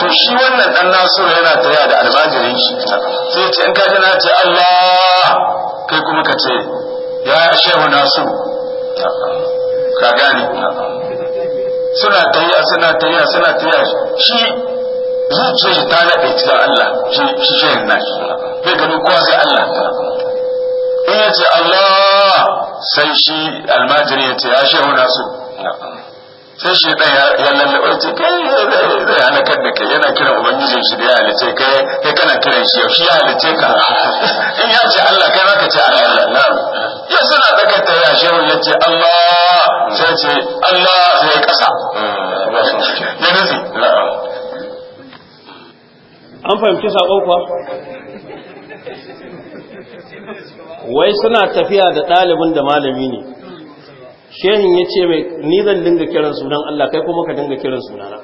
to shi wannan dan nasu yana taya da almajirin shi sai ce in ji na ce Allah kai kuma ka ce ya shehu nasu ka gane suna tayya suna tayya suna tayya shi zuciya ta da ita Allah shi shehu nasu bai gani kowa sai Allah in ya ce Allah sai shi almajiri ya ce ya shehu nasu sai shi ɗan ya lallaba ce kai zai kan da kai yana kiran ubangijin shi da ya halice kai kai kana kiran shi yau shi ya halice ka in ya ce Allah kai zaka ce Allah na ya suna tsakanta ya shehu ya ce Allah sai ce Allah sai ya kasa ya nufi an fahimci saƙon kuwa wai suna tafiya da ɗalibin da malami ne shehin ya ce mai ni dinga kiran sunan Allah kai kuma ka dinga kiran sunana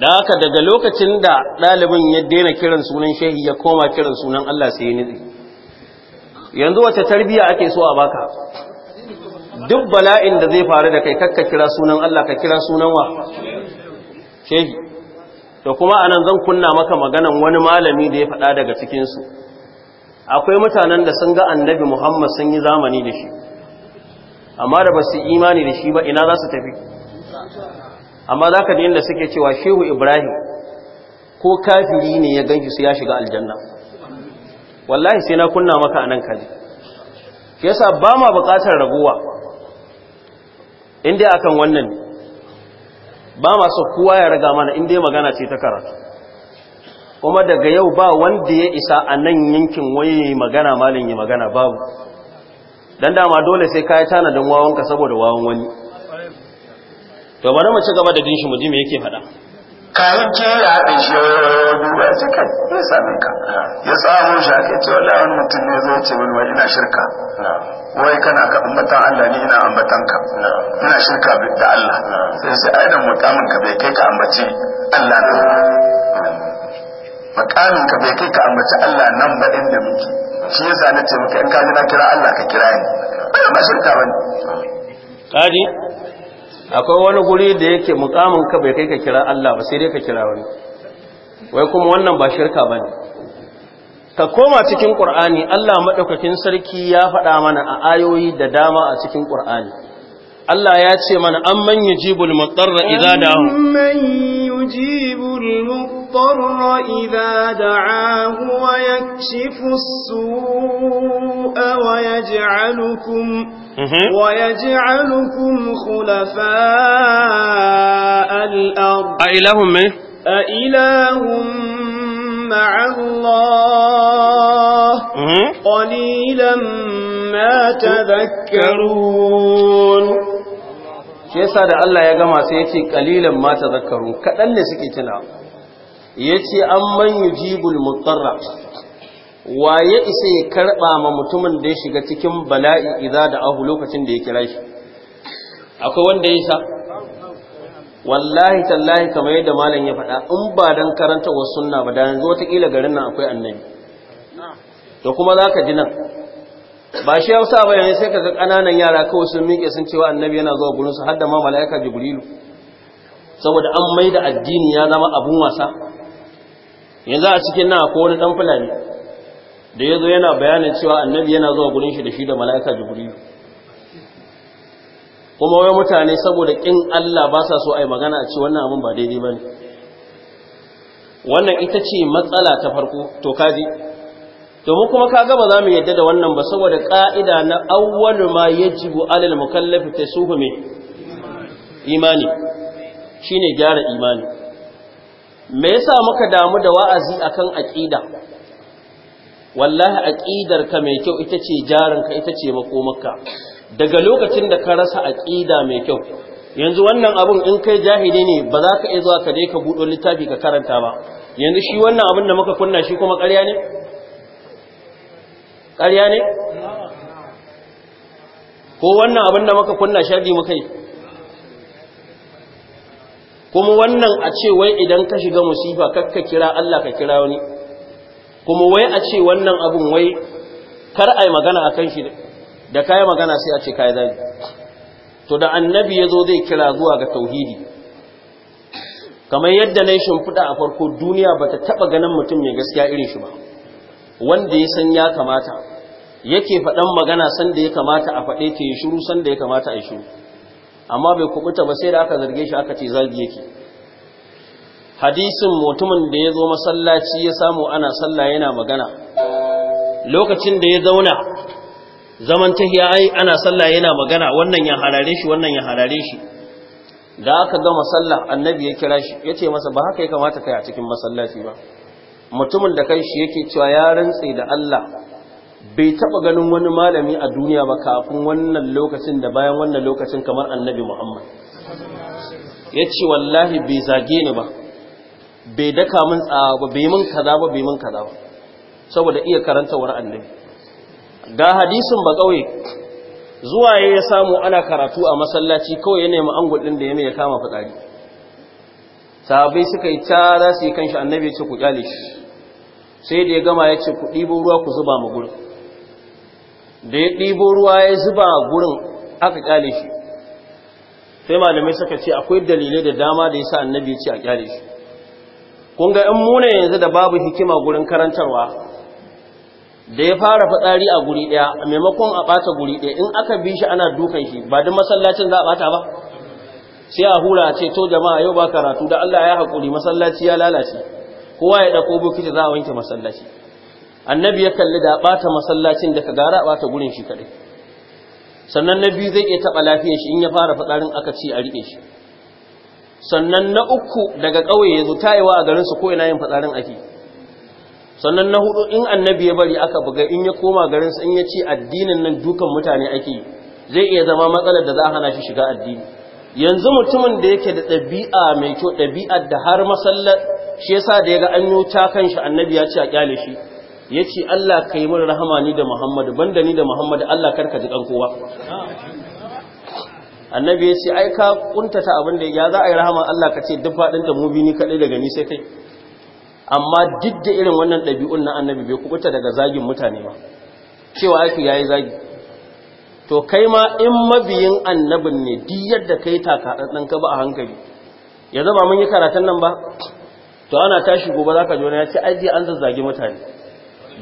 da haka daga lokacin da ɗalibin ya daina kiran sunan shehi ya koma kiran sunan Allah sai ya nizi yanzu wace tarbiya ake so a baka duk bala'in da zai faru da kai kakka kira sunan Allah ka kira sunan wa shehi to kuma anan zan kunna maka maganan wani malami da ya faɗa daga cikinsu akwai mutanen da sun ga annabi Muhammad sun yi zamani da shi amma da ba su imani da shi ba ina za su tafi amma za ka da suke cewa shehu ibrahim ko kafiri ne ya ganshi su ya shiga aljanna wallahi sai na kunna maka anan kaji yasa ba ma bukatar raguwa inda akan wannan ba ma so kowa ya raga mana inda magana ce ta karatu kuma daga yau ba wanda ya isa a nan yankin waye magana malin yi magana babu don dama dole sai kayi tana don wawanka saboda wawan wani to bari mu ci gaba da dinshi mu ji me yake faɗa kayan kera da shi duba ya kai, ya sami ka ya samu shaƙe ce wala wani mutum ne zai ce wani wani na shirka wai kana ka ambatan Allah ne ina ambatan ka ina shirka da Allah sai sai aidan mutamin ka bai kai ka ambaci Allah ne makamin ka bai kai ka ambaci Allah nan ba inda muke shi yasa na ce maka in ka ji na kira Allah ka kira ni ba ba shirka bane kaji akwai wani guri da yake mukamin ka bai kai ka kira Allah ba sai dai ka kira wani wai kuma wannan ba shirka bane ka koma cikin qur'ani Allah madaukakin sarki ya faɗa mana a ayoyi da dama a cikin qur'ani Allah ya ce mana an man yujibul mutarra idza da'ahu man yujibul mutarra idza da'ahu wa yakshifu as-su'a wa yaj'alukum wa yaj'alukum khulafa'a al-ard a ilahum min a ilahum مع الله قليلا ما تذكرون shi yasa da Allah ya gama sai ya ce kalilan ma zakaru kaɗan ne suke tuna yace amman yujibul Wa ya isa ya karɓa ma mutumin da ya shiga cikin bala'i idza da ahu lokacin da ya kira shi akwai wanda ya yasa wallahi tallahi kamar yadda malam ya faɗa in ba dan karanta wa sunna ba da yanzu wataƙila garin nan akwai annabi to kuma zaka ji nan ba shi ya sa bayanai sai kaga kananan yara kawai sun miƙe sun cewa annabi yana zuwa gurin su har da ma mala'ika jibrilu saboda an mai da addini ya zama abun wasa yanzu a cikin nan akwai wani dan fulani da ya zo yana bayanin cewa annabi yana zuwa gurin shi da shi da mala'ika jibrilu kuma wai mutane saboda kin Allah ba sa so ai magana a ce wannan abun ba daidai ba ne, wannan ita ce matsala ta farko to kaji domin kuma kaga ba za mu yadda da wannan ba saboda ƙa'ida na awwal ma yajibu alal mukallafi tasuhu mai. imani shine gyara imani me yasa muka damu da wa'azi akan aqida wallahi aqidar ka mai kyau ita ce jarin ka ita ce makomarka daga lokacin da ka rasa aƙida mai kyau yanzu wannan abun in kai jahili ne ba za ka iya zuwa ka dai ka buɗo littafi ka karanta ba yanzu shi wannan abun da muka kunna shi kuma ƙarya ne ƙarya ne ko wannan abin da muka kunna shaɗi muka yi kuma wannan a ce wai idan ka shiga musifa kakka kira Allah ka kira wani kuma wai a ce wannan abin wai kar yi magana kan shi da kayan magana sai a ce kayan zai to da annabi ya zo zai kira zuwa ga tauhidi kamar yadda na yi shimfiɗa a farko duniya ba ta taɓa ganin mutum mai gaskiya irin shi ba wanda ya san ya kamata yake faɗan magana sanda ya kamata a faɗe ta yi shiru sanda ya kamata a yi shiru amma bai kubuta ba sai da aka zarge shi aka ce zagi yake hadisin mutumin da ya zo masallaci ya samu ana sallah yana magana lokacin da ya zauna zaman ta ai ana sallah yana magana wannan ya harare shi wannan ya harare shi da aka gama sallah annabi ya kira shi ce masa ba haka ya kamata kai a cikin masallaci ba mutumin da kai shi yake cewa ya rantse da Allah bai taba ganin wani malami a duniya ba kafin wannan lokacin da bayan wannan lokacin kamar annabi Muhammad ya ce wallahi bai zage ni ba bai daka min tsawa ba bai min kaza ba bai min kaza ba saboda iya karanta wani annabi ga hadisin ba kawai zuwa ya samu ana karatu a masallaci kawai ya nemi angul din da ya ya kama fitsari sahabai suka yi ta za su yi kanshi annabi ya ce ku kyale shi sai da ya gama ya ce ku ɗibo ruwa ku zuba mu gurin da ya ɗibo ruwa ya zuba gurin aka ƙyale shi sai malamai saka ce akwai dalilai da dama da ya sa annabi ya ce a ƙyale shi kun ga in muna yanzu da babu hikima gurin karantarwa da ya fara fitsari a guri ɗaya a maimakon a ɓata guri ɗaya in aka bi shi ana dukan shi ba duk masallacin za a ɓata ba sai a hura ce to jama'a yau ba karatu da Allah ya haƙuri masallaci ya lalace kowa ya dauko bokiti za a wanke masallaci annabi ya kalli da ɓata masallacin da ka gara bata gurin shi kaɗai sannan na biyu zai iya taɓa lafiyar shi in ya fara fitsarin aka ci a riƙe shi sannan na uku daga kauye ya zo tayewa a garinsu ko ina yin fitsarin ake sannan na hudu in annabi ya bari aka buga in ya koma garinsa in ya ci addinin nan dukan mutane ake zai iya zama matsalar da za a hana shi shiga addini yanzu mutumin da yake da ɗabi'a mai kyau ɗabi'a da har masallar shi yasa da ya ga an yi kan shi annabi ya ce a kyale shi ya ce Allah ka yi min rahama ni da Muhammadu banda ni da Muhammadu Allah karka ji kowa annabi ya ce ai ka kuntata abin da ya za a yi rahama Allah ka ce duk faɗin da mubi ni kaɗai daga ni sai kai amma duk da irin wannan ɗabi'un na annabi bai kubuta daga zagin mutane ba cewa aiki ya yi zagi to kai ma in mabiyin annabin ne duk yadda kai takaɗaɗɗen ka ba a hankali ya zama mun yi karatun nan ba to ana tashi gobe za ka ji wani ya ce aji an zazzage mutane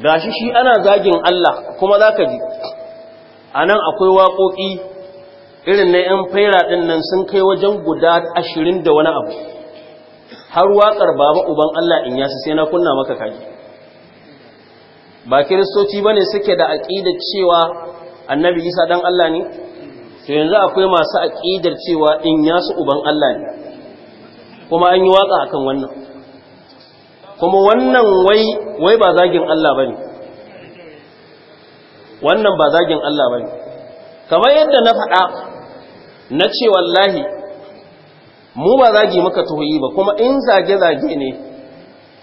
Da shi shi ana zagin Allah kuma za ka ji a nan akwai waƙoƙi irin na 'yan faira ɗin nan sun kai wajen guda ashirin da wani abu har waƙar baba uban Allah in yasu sai na kunna maka kaji ba kiristoci ba ne suke da aƙidar cewa annabi isa dan Allah ne to yanzu akwai masu aƙidar cewa in yasu uban Allah ne kuma an yi waka akan wannan kuma wannan wai wai ba zagin Allah bane wannan ba zagin Allah bane kamar yadda na faɗa na ce wallahi mu ba zagi muka tuhuyi ba kuma in zage-zage ne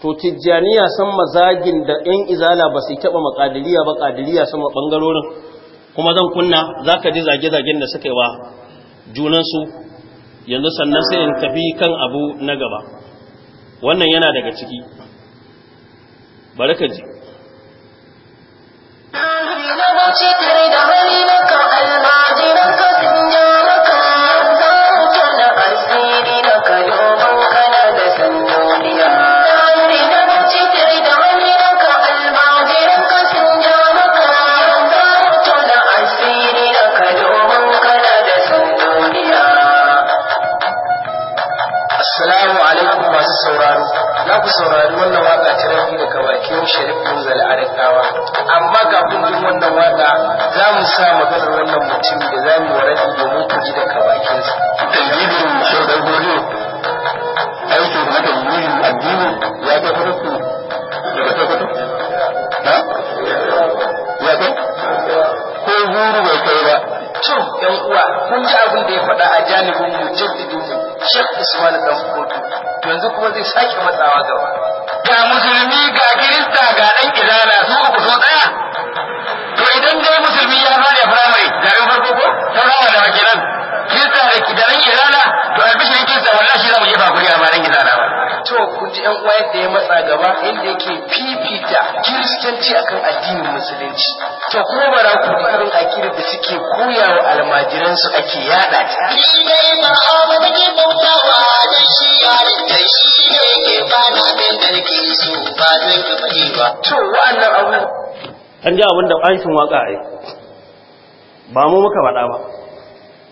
to tijjaniya san mazagin da ɗan izala ba su taɓa makadiriya ba kadiriya sama ɓangarorin kuma zan kunna za ka ji zage-zagen da suka yi wa junansu yanzu sannan sai in tafi kan abu na gaba wannan yana daga ciki bari ka ji janibin mujaddidin Sheikh Usman dan kotu, to yanzu kuma zai saki matsawa gaba ga musulmi ga kirista ga dan kidana su ku so daya to idan dai musulmi ya fara firamare zaben farko ko ta rawa da wakilan kirista da kidanan kidana to bishin kirista wallahi za mu jefa kuri a bayan kidana ba to ku ji yan uwa yadda ya matsa gaba inda yake fifita kiristanci akan addinin musulunci to kuma ba ku da irin akidar da suke koya wa almajiransu ake yada ta ni dai ba abu da ke bautawa da shi yarin da shi ne ke bana abin da nake so ba zai ka fadi ba to wa'annan abu an ji abin da aikin waka yi. ba mu muka faɗa ba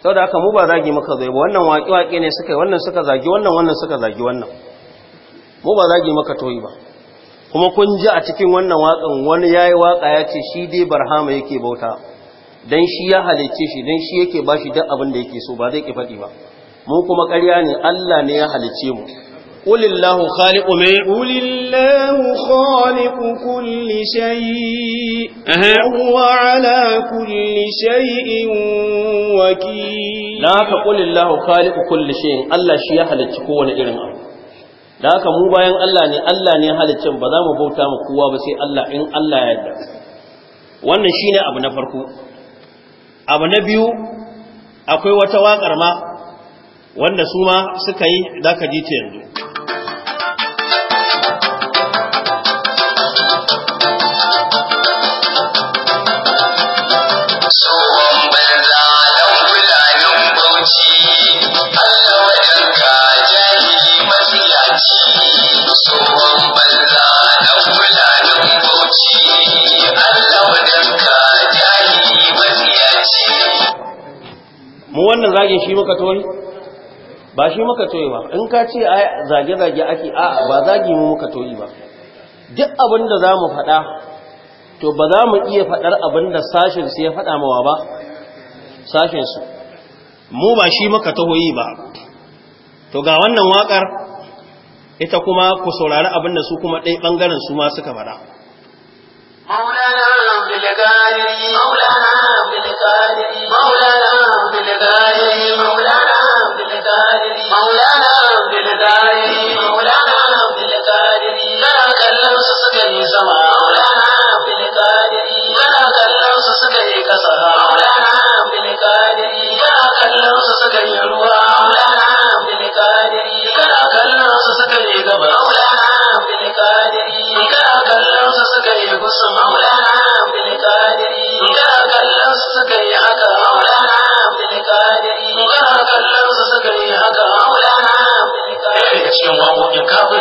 sau da aka mu ba zagi muka zai ba wannan waƙi-waƙi ne suka yi wannan suka zagi wannan wannan suka zagi wannan mu ba zagi maka toyi ba kuma kun ji a cikin wannan waƙan wani ya yi waƙa ya ce shi dai barhama yake bauta don shi ya halicce shi don shi yake ba shi duk abin da yake so ba zai ki faɗi ba mu kuma ƙarya ne Allah ne ya halicce mu qulillahu khaliqu me qulillahu khaliqu kulli shay huwa ala kulli in waki. Na haka qulillahu khaliqu kulli shay Allah shi ya halicci kowane irin abu da haka mu bayan Allah ne Allah ne halicin ba za mu bauta ma kowa ba sai Allah in Allah ya yarda wannan shine abu na farko abu na biyu akwai wata waƙar ma wanda su ma suka yi zaka ji ta yanzu shi muka toyi ba shi muka toyi ba in ka ce zage-zage ake a ba zagi mu muka toyi ba duk abin da za mu faɗa to ba za mu iya faɗar abin da su ya faɗa mawa ba su mu ba shi muka toyi ba to ga wannan waƙar ita kuma ku saurari abin da su kuma ɗai ɓangaren su ma suka faɗa. گری مولانا دل مولانا مغلان دل داغری مغلان دل داغری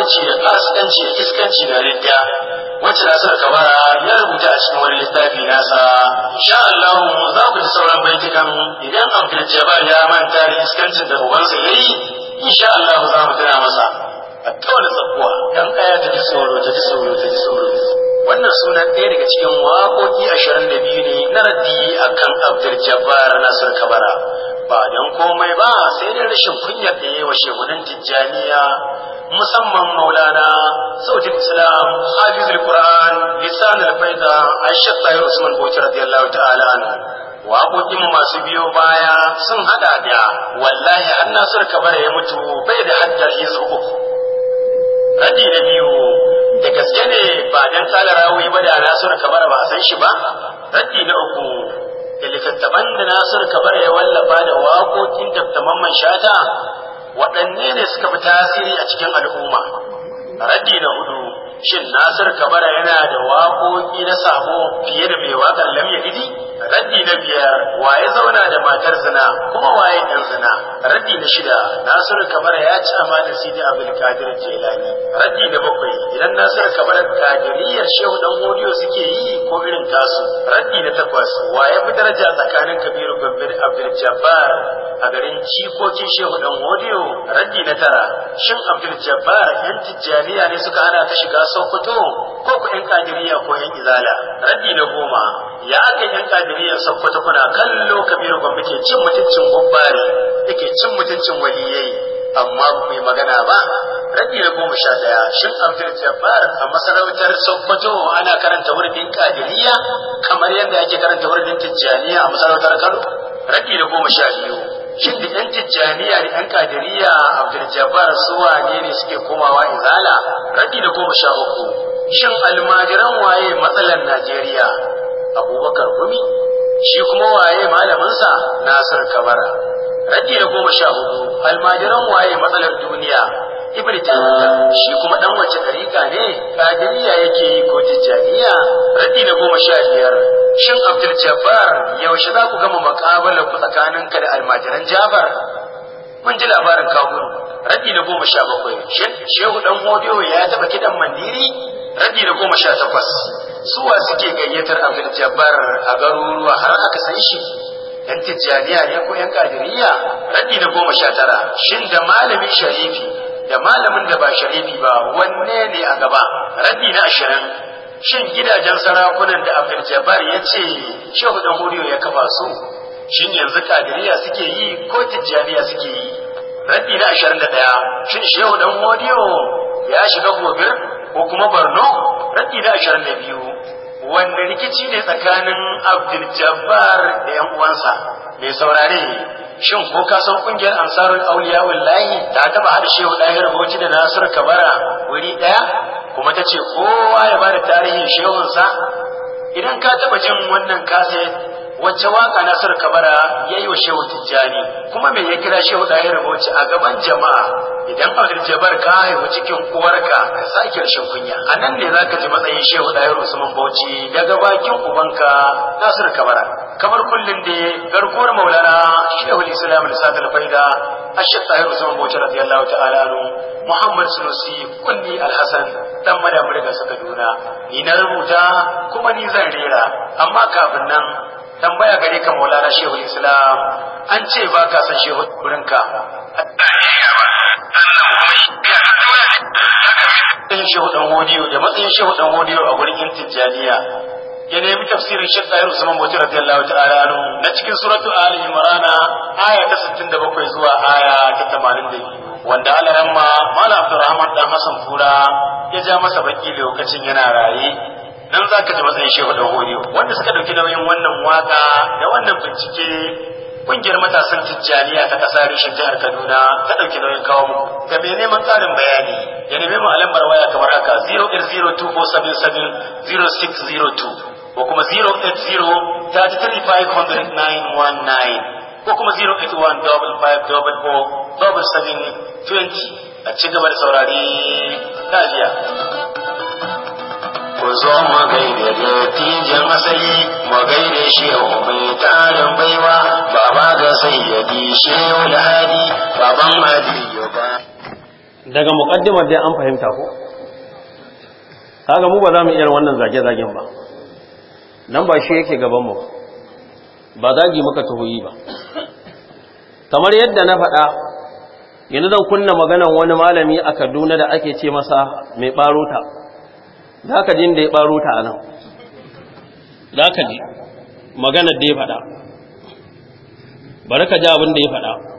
zalunci da kasuwanci da iskanci da riya wacce Nasir Kabara ya rubuta a cikin wani littafi nasa insha Allah za ku ji sauran kan idan an Abdul Jabbar ya manta da iskancin da ubansa yayi insha Allah za mu tana masa a kawai tsakuwa dan kaya ta tsoro ta tsoro ta tsoro wannan sunan ɗaya daga cikin waƙoƙi ashirin da biyu ne na raddi akan Abdul Jabbar Nasir Kabara ba don komai ba sai dai rashin kunyar da yi wa shegunan tijjaniya musamman maulana sauti islam hafizul qur'an lisan al-faida aisha tayyib usman bauchi radiyallahu ta'ala anhu waƙoƙin masu biyo baya sun hada da wallahi an nasir kabara ya mutu bai da haddar izu uku radi na biyu da gaske ne ba dan tsala rawi ba da nasir kabara ba san shi ba radi na uku da littattafan da Nasir Kabar ya wallafa da waƙoƙin Dr. Mamman Shata waɗanne ne suka fi tasiri a cikin al'umma? Raddi na hudu shin Nasir Kabara yana da waƙoƙi na sabo fiye da mai waƙar lamya gidi Raddi na biyar waye zauna da matar zina kuma waye ɗan zina? Raddi na shida Nasir Kabara ya ci amana Sidi abul Kadir Jelani. Raddi na bakwai idan Nasir Kabara kadiriyar Shehu Dan Hodiyo suke yi ko irin tasu. Raddi na takwas waye fi daraja tsakanin Kabiru Gombe da Abdul Jabbar a garin cikokin Shehu Dan Hodiyo? Raddi na tara shin Abdul Jabbar 'yan Tijjaniya ne suka hana ta shiga sokoto ko ku yan kadiriya ko yan izala raddi na goma ya aka yan kadiriya sokoto kuna kallo kabiru gwamnati muke cin mutuncin gubbari yake cin mutuncin waliyai amma ba ku yi magana ba raddi na goma sha daya shin abdul jabbar a masarautar sokoto ana karanta wurin kadiriya kamar yadda ake karanta wurin tijjaniya a masarautar kano raddi na goma sha biyu shin da yan tijjaniya da yan kadiriya abdul jabbar suwa ne ne suke komawa izala raɗi da goma sha uku shin almajiran waye matsalar najeriya abubakar gumi shi kuma waye malaminsa nasir kabara raɗi da goma sha uku, almajiran waye matsalar duniya ibn taymiya shi kuma dan wace dariƙa ne qadiriyya yake yi ko tijaniya radi na goma sha biyar shin abdul jabbar yaushe za ku gama makabalar ku ka da almajiran Jafar? mun ji labarin kaburu radi na goma sha bakwai shehu dan hodiyo ya taba kidan mandiri radi na goma sha takwas suwa suke gayyatar abdul jabbar a garuruwa har aka san shi yan tijjaniya ne ko yan kadiriyya raddi na goma sha tara shin da malamin sharifi da malamin da ba sharifi ba wanne ne a gaba raddi na ashirin shin gidajen sarakunan da abdul jabbar ya ce shehu dan huriyo ya kafa su shin yanzu kadiriya suke yi ko tijjaniya suke yi raddi na ashirin da ɗaya shin shehu dan huriyo ya shiga gobir ko kuma barno? raddi na ashirin da biyu wanda rikici ne tsakanin abdul jabbar da yan uwansa mai saurare shin ko ka san kungiyar ansarul auliya wallahi ta taba hada shehu dahir bauchi da nasir kabara wuri daya kuma ta ce kowa ya bada tarihin shehunsa idan ka taba jin wannan kaset wacce waka nasar Kabara ya yi wa Shehu Tijjani kuma me ya kira Shehu da ya rubuci a gaban jama'a idan Abdul Jabbar ka haihu cikin uwarka ka sake rashin kunya a nan ne zaka ji matsayin Shehu da ya Usman Bauchi daga bakin ubanka Nasir Kabara kamar kullum da garkuwar Maulana Shehu Islam Al-Sa'd Al-Faida Ashad Tahir Usman Bauchi radiyallahu ta'ala anhu Muhammad Sunusi kunne Alhassan, hasan dan da suka Kaduna. ni na rubuta kuma ni zan rera amma kafin nan tambaya gare ka maulana shehu islam an ce ba ka san shehu gurinka matsayin shehu dan hodiyo da matsayin shehu dan hodiyo a gurin yan ya nemi tafsirin shi tsayar usman bauti radiyallahu ta'ala anhu na cikin suratu ali imran aya ta bakwai zuwa aya ta 82 wanda alaramma mala abdurrahman dan hasan fura ya ja masa baki lokacin yana raye nan za ka ji matsayin shehu da hori wanda suka ɗauki nauyin wannan waka da wannan bincike Ƙungiyar matasan Tijjaniya ta kasar rashin jihar Kaduna ta ɗauki nauyin kawo muku Ga mai neman tsarin bayani ya neme mu a lambar waya kamar haka 08024770602 ko kuma 08033500919 ko kuma 0815544 a ci gaba da saurari lafiya. ku zo mu gaida da tijin asali mu gaida shi mai tarin baiwa baba ga sayyadi shehu hadi baban adiyo ba daga muqaddimar dai an fahimta ko kaga mu ba za mu iya wannan zage-zagen ba nan ba shi yake gaban mu ba zagi muka tuhuyi ba kamar yadda na faɗa yanzu zan kunna maganar wani malami a Kaduna da ake ce masa mai ɓarota. za ka ji da ya ɓaro ta a nan za ka ji maganar da ya faɗa bari ka ji abin da ya faɗa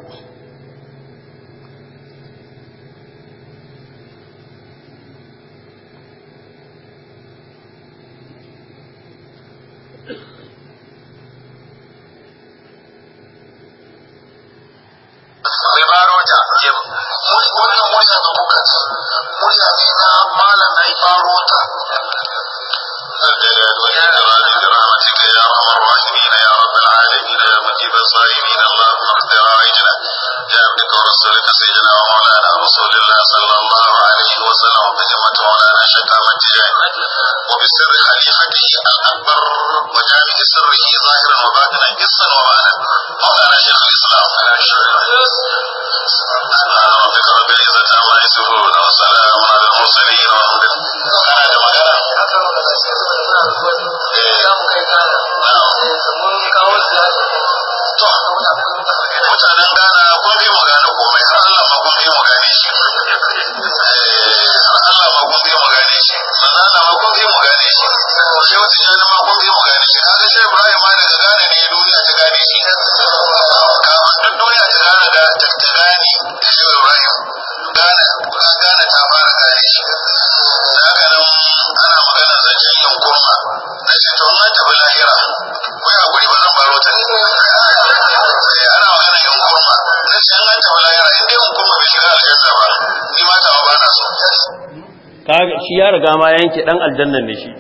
riga ma yanke dan aljannan ne shi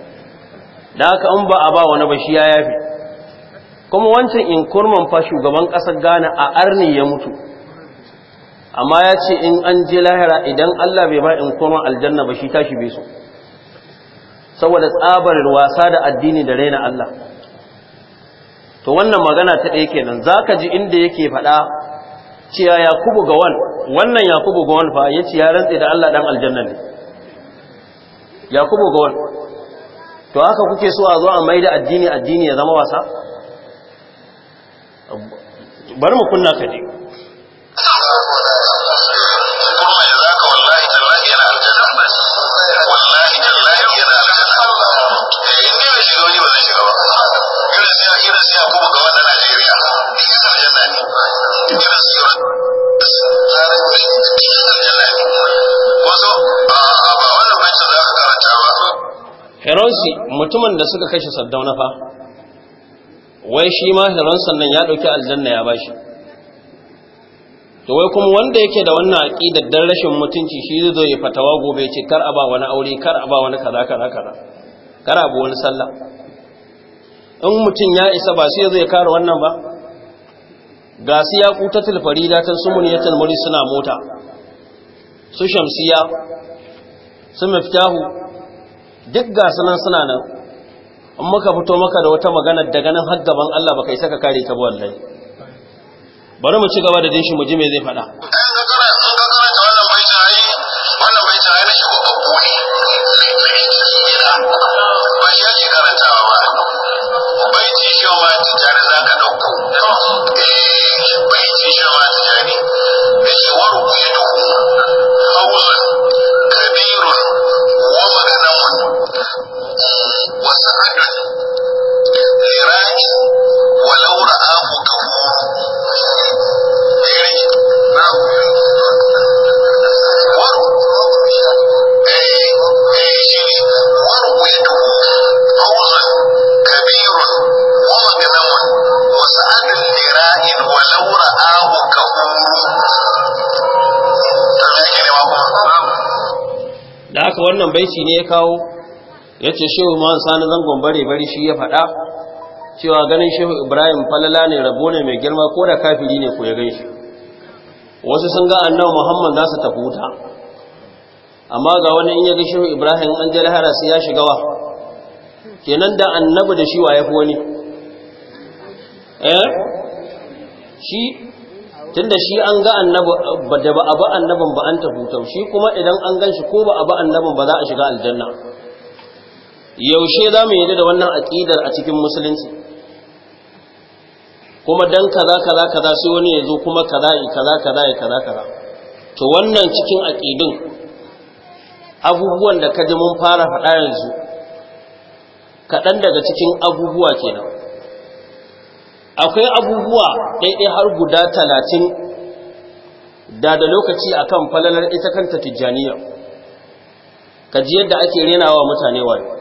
da haka an ba a ba wani ba shi ya yafi kuma wancan in kurman fa shugaban kasar Ghana a arni ya mutu amma ya ce in an je lahira idan Allah bai ba in kurman aljanna ba shi tashi bai so saboda tsabar wasa da addini da raina Allah to wannan magana ta ɗaya kenan zaka ji inda yake faɗa cewa Yakubu ga wan wannan Yakubu ga wan fa yace ya rantsi da Allah dan aljanna ne yakubu gol to haka kuke so a zo a maida addini addini ya zama wasa bari mu kunna ka heronsi mutumin da suka kashe saddauna fa wai shi ma heronsan nan ya ɗauki aljanna ya bashi to wai kuma wanda yake da wannan aƙidar dan rashin mutunci shi zai zo ya fatawa gobe ce kar a ba wani aure kar a ba wani kaza kaza kaza kar a bi wani sallah in mutum ya isa ba sai zai kare wannan ba ga su ya kuta tilfarida ta sumuniyatul muri suna mota su shamsiya su miftahu duk ga sunan suna nan in muka fito maka da wata magana da ganin har gaban Allah baka isa ka kare ta ba wallahi bari mu ci gaba da jin shi mu ji me zai faɗa wannan baiti ne ya kawo ya ce shehu ma sani zangon bare bari shi ya faɗa cewa ganin shehu ibrahim falala ne rabo ne mai girma ko da kafiri ne ko ya gan shi wasu sun ga annabi muhammad za su tafi wuta amma ga wani in ya ga shehu ibrahim an je lahara sai ya shiga wa kenan da annabi da shi wa ya fi wani eh shi tunda shi an ga annabi da ba a ba annabin ba an tafi wuta shi kuma idan an gan shi ko ba a ba annabin ba za a shiga aljanna yaushe za mu yi da wannan aƙidar a cikin musulunci kuma dan kaza kaza kaza sai wani ya zo kuma kaza yi kaza kaza yi kaza kaza to wannan cikin aƙidun abubuwan da ka ji mun fara faɗa yanzu kaɗan daga cikin abubuwa kenan akwai abubuwa ɗaiɗai har guda talatin da da lokaci akan falalar ita kanta tijjaniya ka yadda ake renawa mutane wayo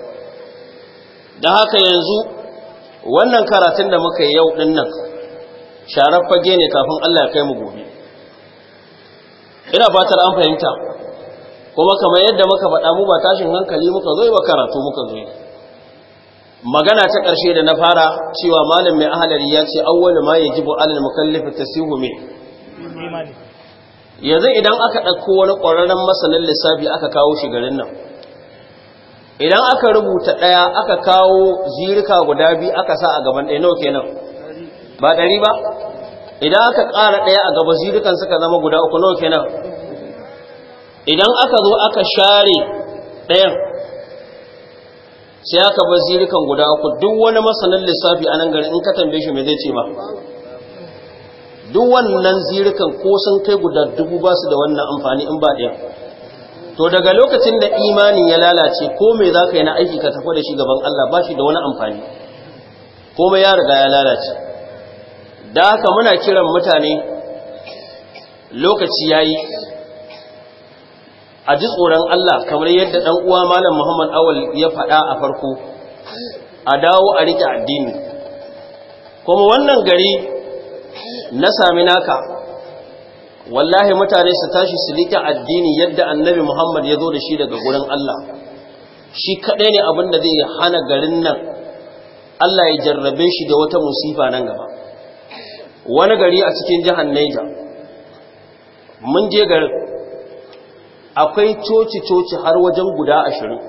da haka yanzu wannan karatun da muka yi yau ɗin nan sharar fage ne kafin Allah ya kai mu gobe ina fatar an fahimta kuma kamar yadda muka faɗa mu ba tashin hankali muka zo ba karatu muka zo magana ta ƙarshe da na fara cewa malam mai ahalari ya ce awwal ma yajibu alal mukallafi tasihu me yanzu idan aka ɗauko wani ƙwararren masanin lissafi aka kawo shi garin nan idan aka rubuta ɗaya aka kawo zirika guda biyu aka sa a gaban ɗaya nau kenan ba ɗari ba idan aka ƙara ɗaya a gaba zirikan suka zama guda uku nau kenan idan aka zo aka share ɗayan sai aka bar zirikan guda uku duk wani masanin lissafi a nan gari in ka tambaye shi me zai ce ma duk wannan zirikan ko sun kai guda dubu ba su da wannan amfani in ba ɗaya to daga lokacin da imanin ya lalace ko me za ka yi na aiki ka tafi da shi gaban Allah ba shi da wani amfani komai ya riga ya lalace da haka muna kiran mutane lokaci ya yi a ji tsoron Allah kamar yadda ɗan uwa malam Muhammad Awal ya faɗa a farko a dawo a riƙe addini kuma wannan gari na sami naka wallahi mutane su tashi su liƙe addini yadda annabi muhammad ya zo da shi daga gurin allah shi kaɗai ne abin da zai hana garin nan allah ya jarrabe shi da wata musifa nan gaba wani gari a cikin jihar Neja, mun je garin akwai coci-coci har wajen guda ashirin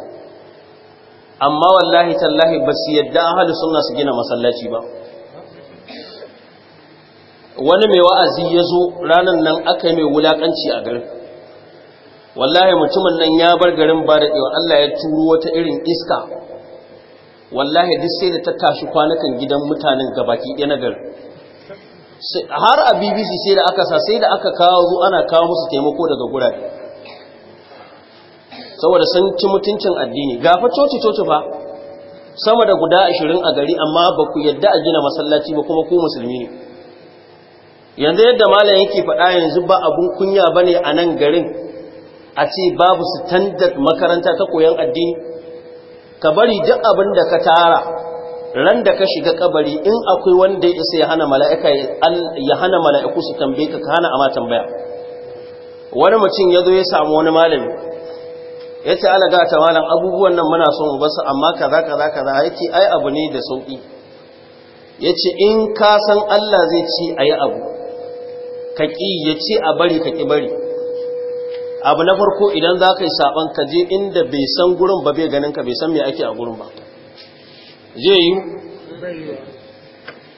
amma wallahi tallahi ba su yadda ahalu suna su gina masallaci ba wani mai wa'azi ya zo ranar nan aka yi mai wulaƙanci a garin wallahi mutumin nan ya bar garin ba da ɗewa Allah ya turo wata irin iska wallahi duk sai da ta tashi kwanukan gidan mutanen gabaki ɗaya na garin har a bbc sai da aka sa sai da aka kawo zu ana kawo musu taimako daga gurare saboda sun ci mutuncin addini ga fa coci coci fa sama da guda ashirin a gari amma ba ku yadda a gina masallaci ba kuma ku musulmi ne yanzu yadda malam yake faɗa yanzu ba abun kunya ba ne a nan garin a ce babu standard makaranta ta koyan addini ka bari duk abin da ka tara ran da ka shiga kabari in akwai wanda ya isa ya hana mala'ika mala'iku su tambaye ka hana hana amma tambaya wani mutum ya zo ya samu wani malami ya ce ala gata malam abubuwan nan muna son basu amma kaza kaza kaza ya ai abu ne da sauki ya ce in ka san Allah zai ci ayi abu ka ƙi ya ce a bari ka ƙi bari abu na farko idan za ka yi saɓon ka je inda bai san gurin ba bai ganin ka bai san me ake a gurin ba zai yi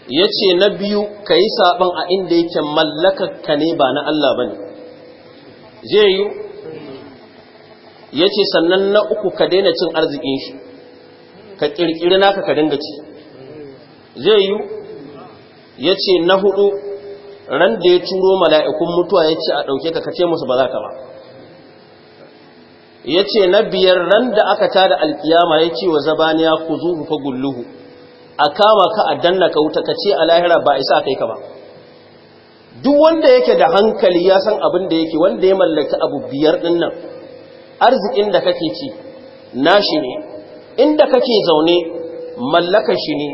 ya ce na biyu ka yi saɓon a inda yake ka ne ba na Allah ba ne zai yi ya ce sannan na uku ka daina cin arzikin shi ka ƙirƙiri naka ka dinga ci zai yi ya ce na hudu ran da ya turo mala'ikun mutuwa ya ce a ɗauke ka kace musu ba za ka ba ya ce na biyar ran da aka ta da alkiyama ya ce wa zabaniya ku zuhu fa gulluhu a kama ka a danna ka wuta kace a lahira ba isa kai ka ba duk wanda yake da hankali ya san abin da yake wanda ya mallaki abu biyar din nan arzikin da kake ci nashi ne inda kake zaune mallaka shi ne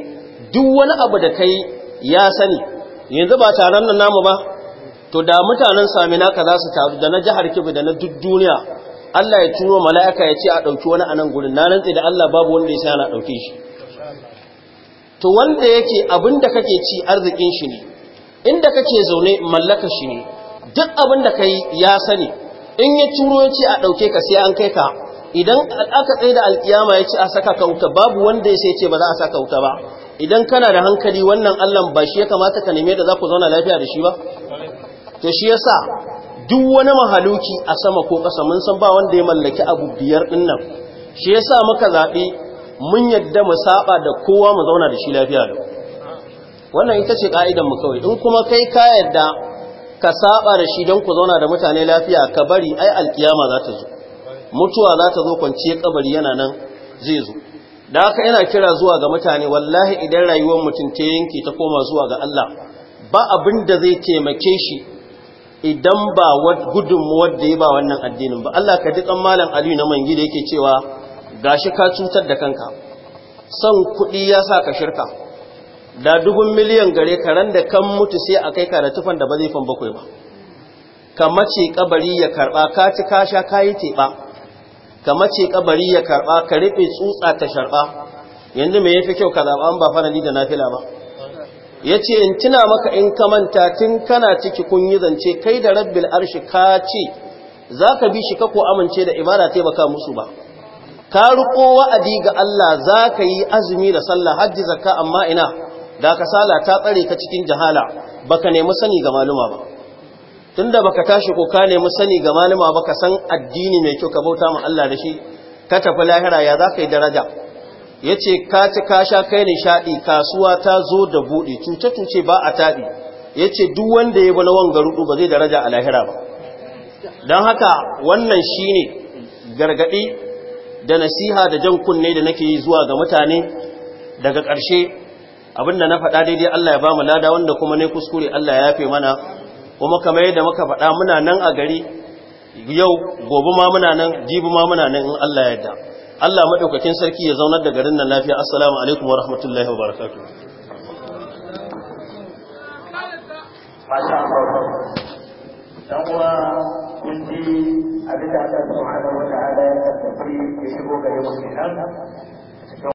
duk wani abu da kai ya sani yanzu ba taron nan namu ba to da mutanen Saminaka ka za su taru da na jihar kibu da na duk duniya Allah ya turo mala'ika ya ce a ɗauki wani a nan gurin na rantse da Allah babu wanda ya sa na ɗauke shi to wanda yake abin da kake ci arzikin shi ne inda kake zaune mallaka shi ne duk abin da kai ya sani in ya turo ya ce a ɗauke ka sai an kai ka idan aka tsaye da alkiyama ya ce a saka kauta babu wanda ya sai ce ba za a saka kauta ba idan kana da hankali wannan allan ba shi ya kamata ka neme da za ku zauna lafiya da shi ba ta shi ya sa duk wani mahaluki a sama ko ƙasa mun san ba wanda ya mallaki abu biyar din nan shi sa muka zaɓi mun yadda mu saba da kowa mu zauna da shi lafiya da wannan ita ce ka'idan mu kawai in kuma kai ka yadda ka saba da shi don ku zauna da mutane lafiya ka bari ai alkiyama za ta zo mutuwa za ta zo kwanciyar kabari yana nan zai zo da haka yana kira zuwa ga mutane wallahi idan rayuwar mutum ta yanke ta koma zuwa ga Allah ba abin da zai taimake shi idan ba gudunmuwar da ya ba wannan addinin ba Allah ka dukan malam Aliyu na mangi da yake cewa gashi ka cutar da kanka son kuɗi ya sa ka shirka da dubun miliyan gare karen da kan mutu sai a kai ka da tufan da ba zai fan bakwai ba ka mace kabari ya karba ka ci kasha sha ka yi teɓa ka ce kabari ya karba ka rufe tsutsa ta sharba yanzu me yafi kyau ka zaba an ba farali da nafila ba yace in tuna maka in ka manta tun kana ciki kun yi zance kai da rabbil arshi ka ce zaka bi shi ka ko amince da ibada tai baka musu ba ka riko wa'adi ga Allah zaka yi azumi da sallah hajji zakka amma ina da sala ta tsare ka cikin jahala baka nemi sani ga maluma ba tunda baka tashi ko ka nemi sani ga malama ba ka san addini mai kyau ka bauta ma Allah da shi ka tafi lahira ya za ka yi daraja yace ka ci ka sha kai nishadi kasuwa ta zo da buɗe, cuce cuce ba a Ya yace duk wanda ya bala wanga rudu ba zai daraja a lahira ba dan haka wannan shine gargadi da nasiha da jan kunne da nake yi zuwa ga mutane daga ƙarshe abinda na faɗa daidai Allah ya ba mu lada wanda kuma ne kuskure Allah ya yafe mana kuma kamar yadda muka faɗa muna nan a gari yau gobe ma muna nan jibi ma muna nan in Allah ya yarda Allah madaukakin sarki ya zaunar da garin nan lafiya assalamu alaikum wa rahmatullahi wa barakatuh abin da ya ya shigo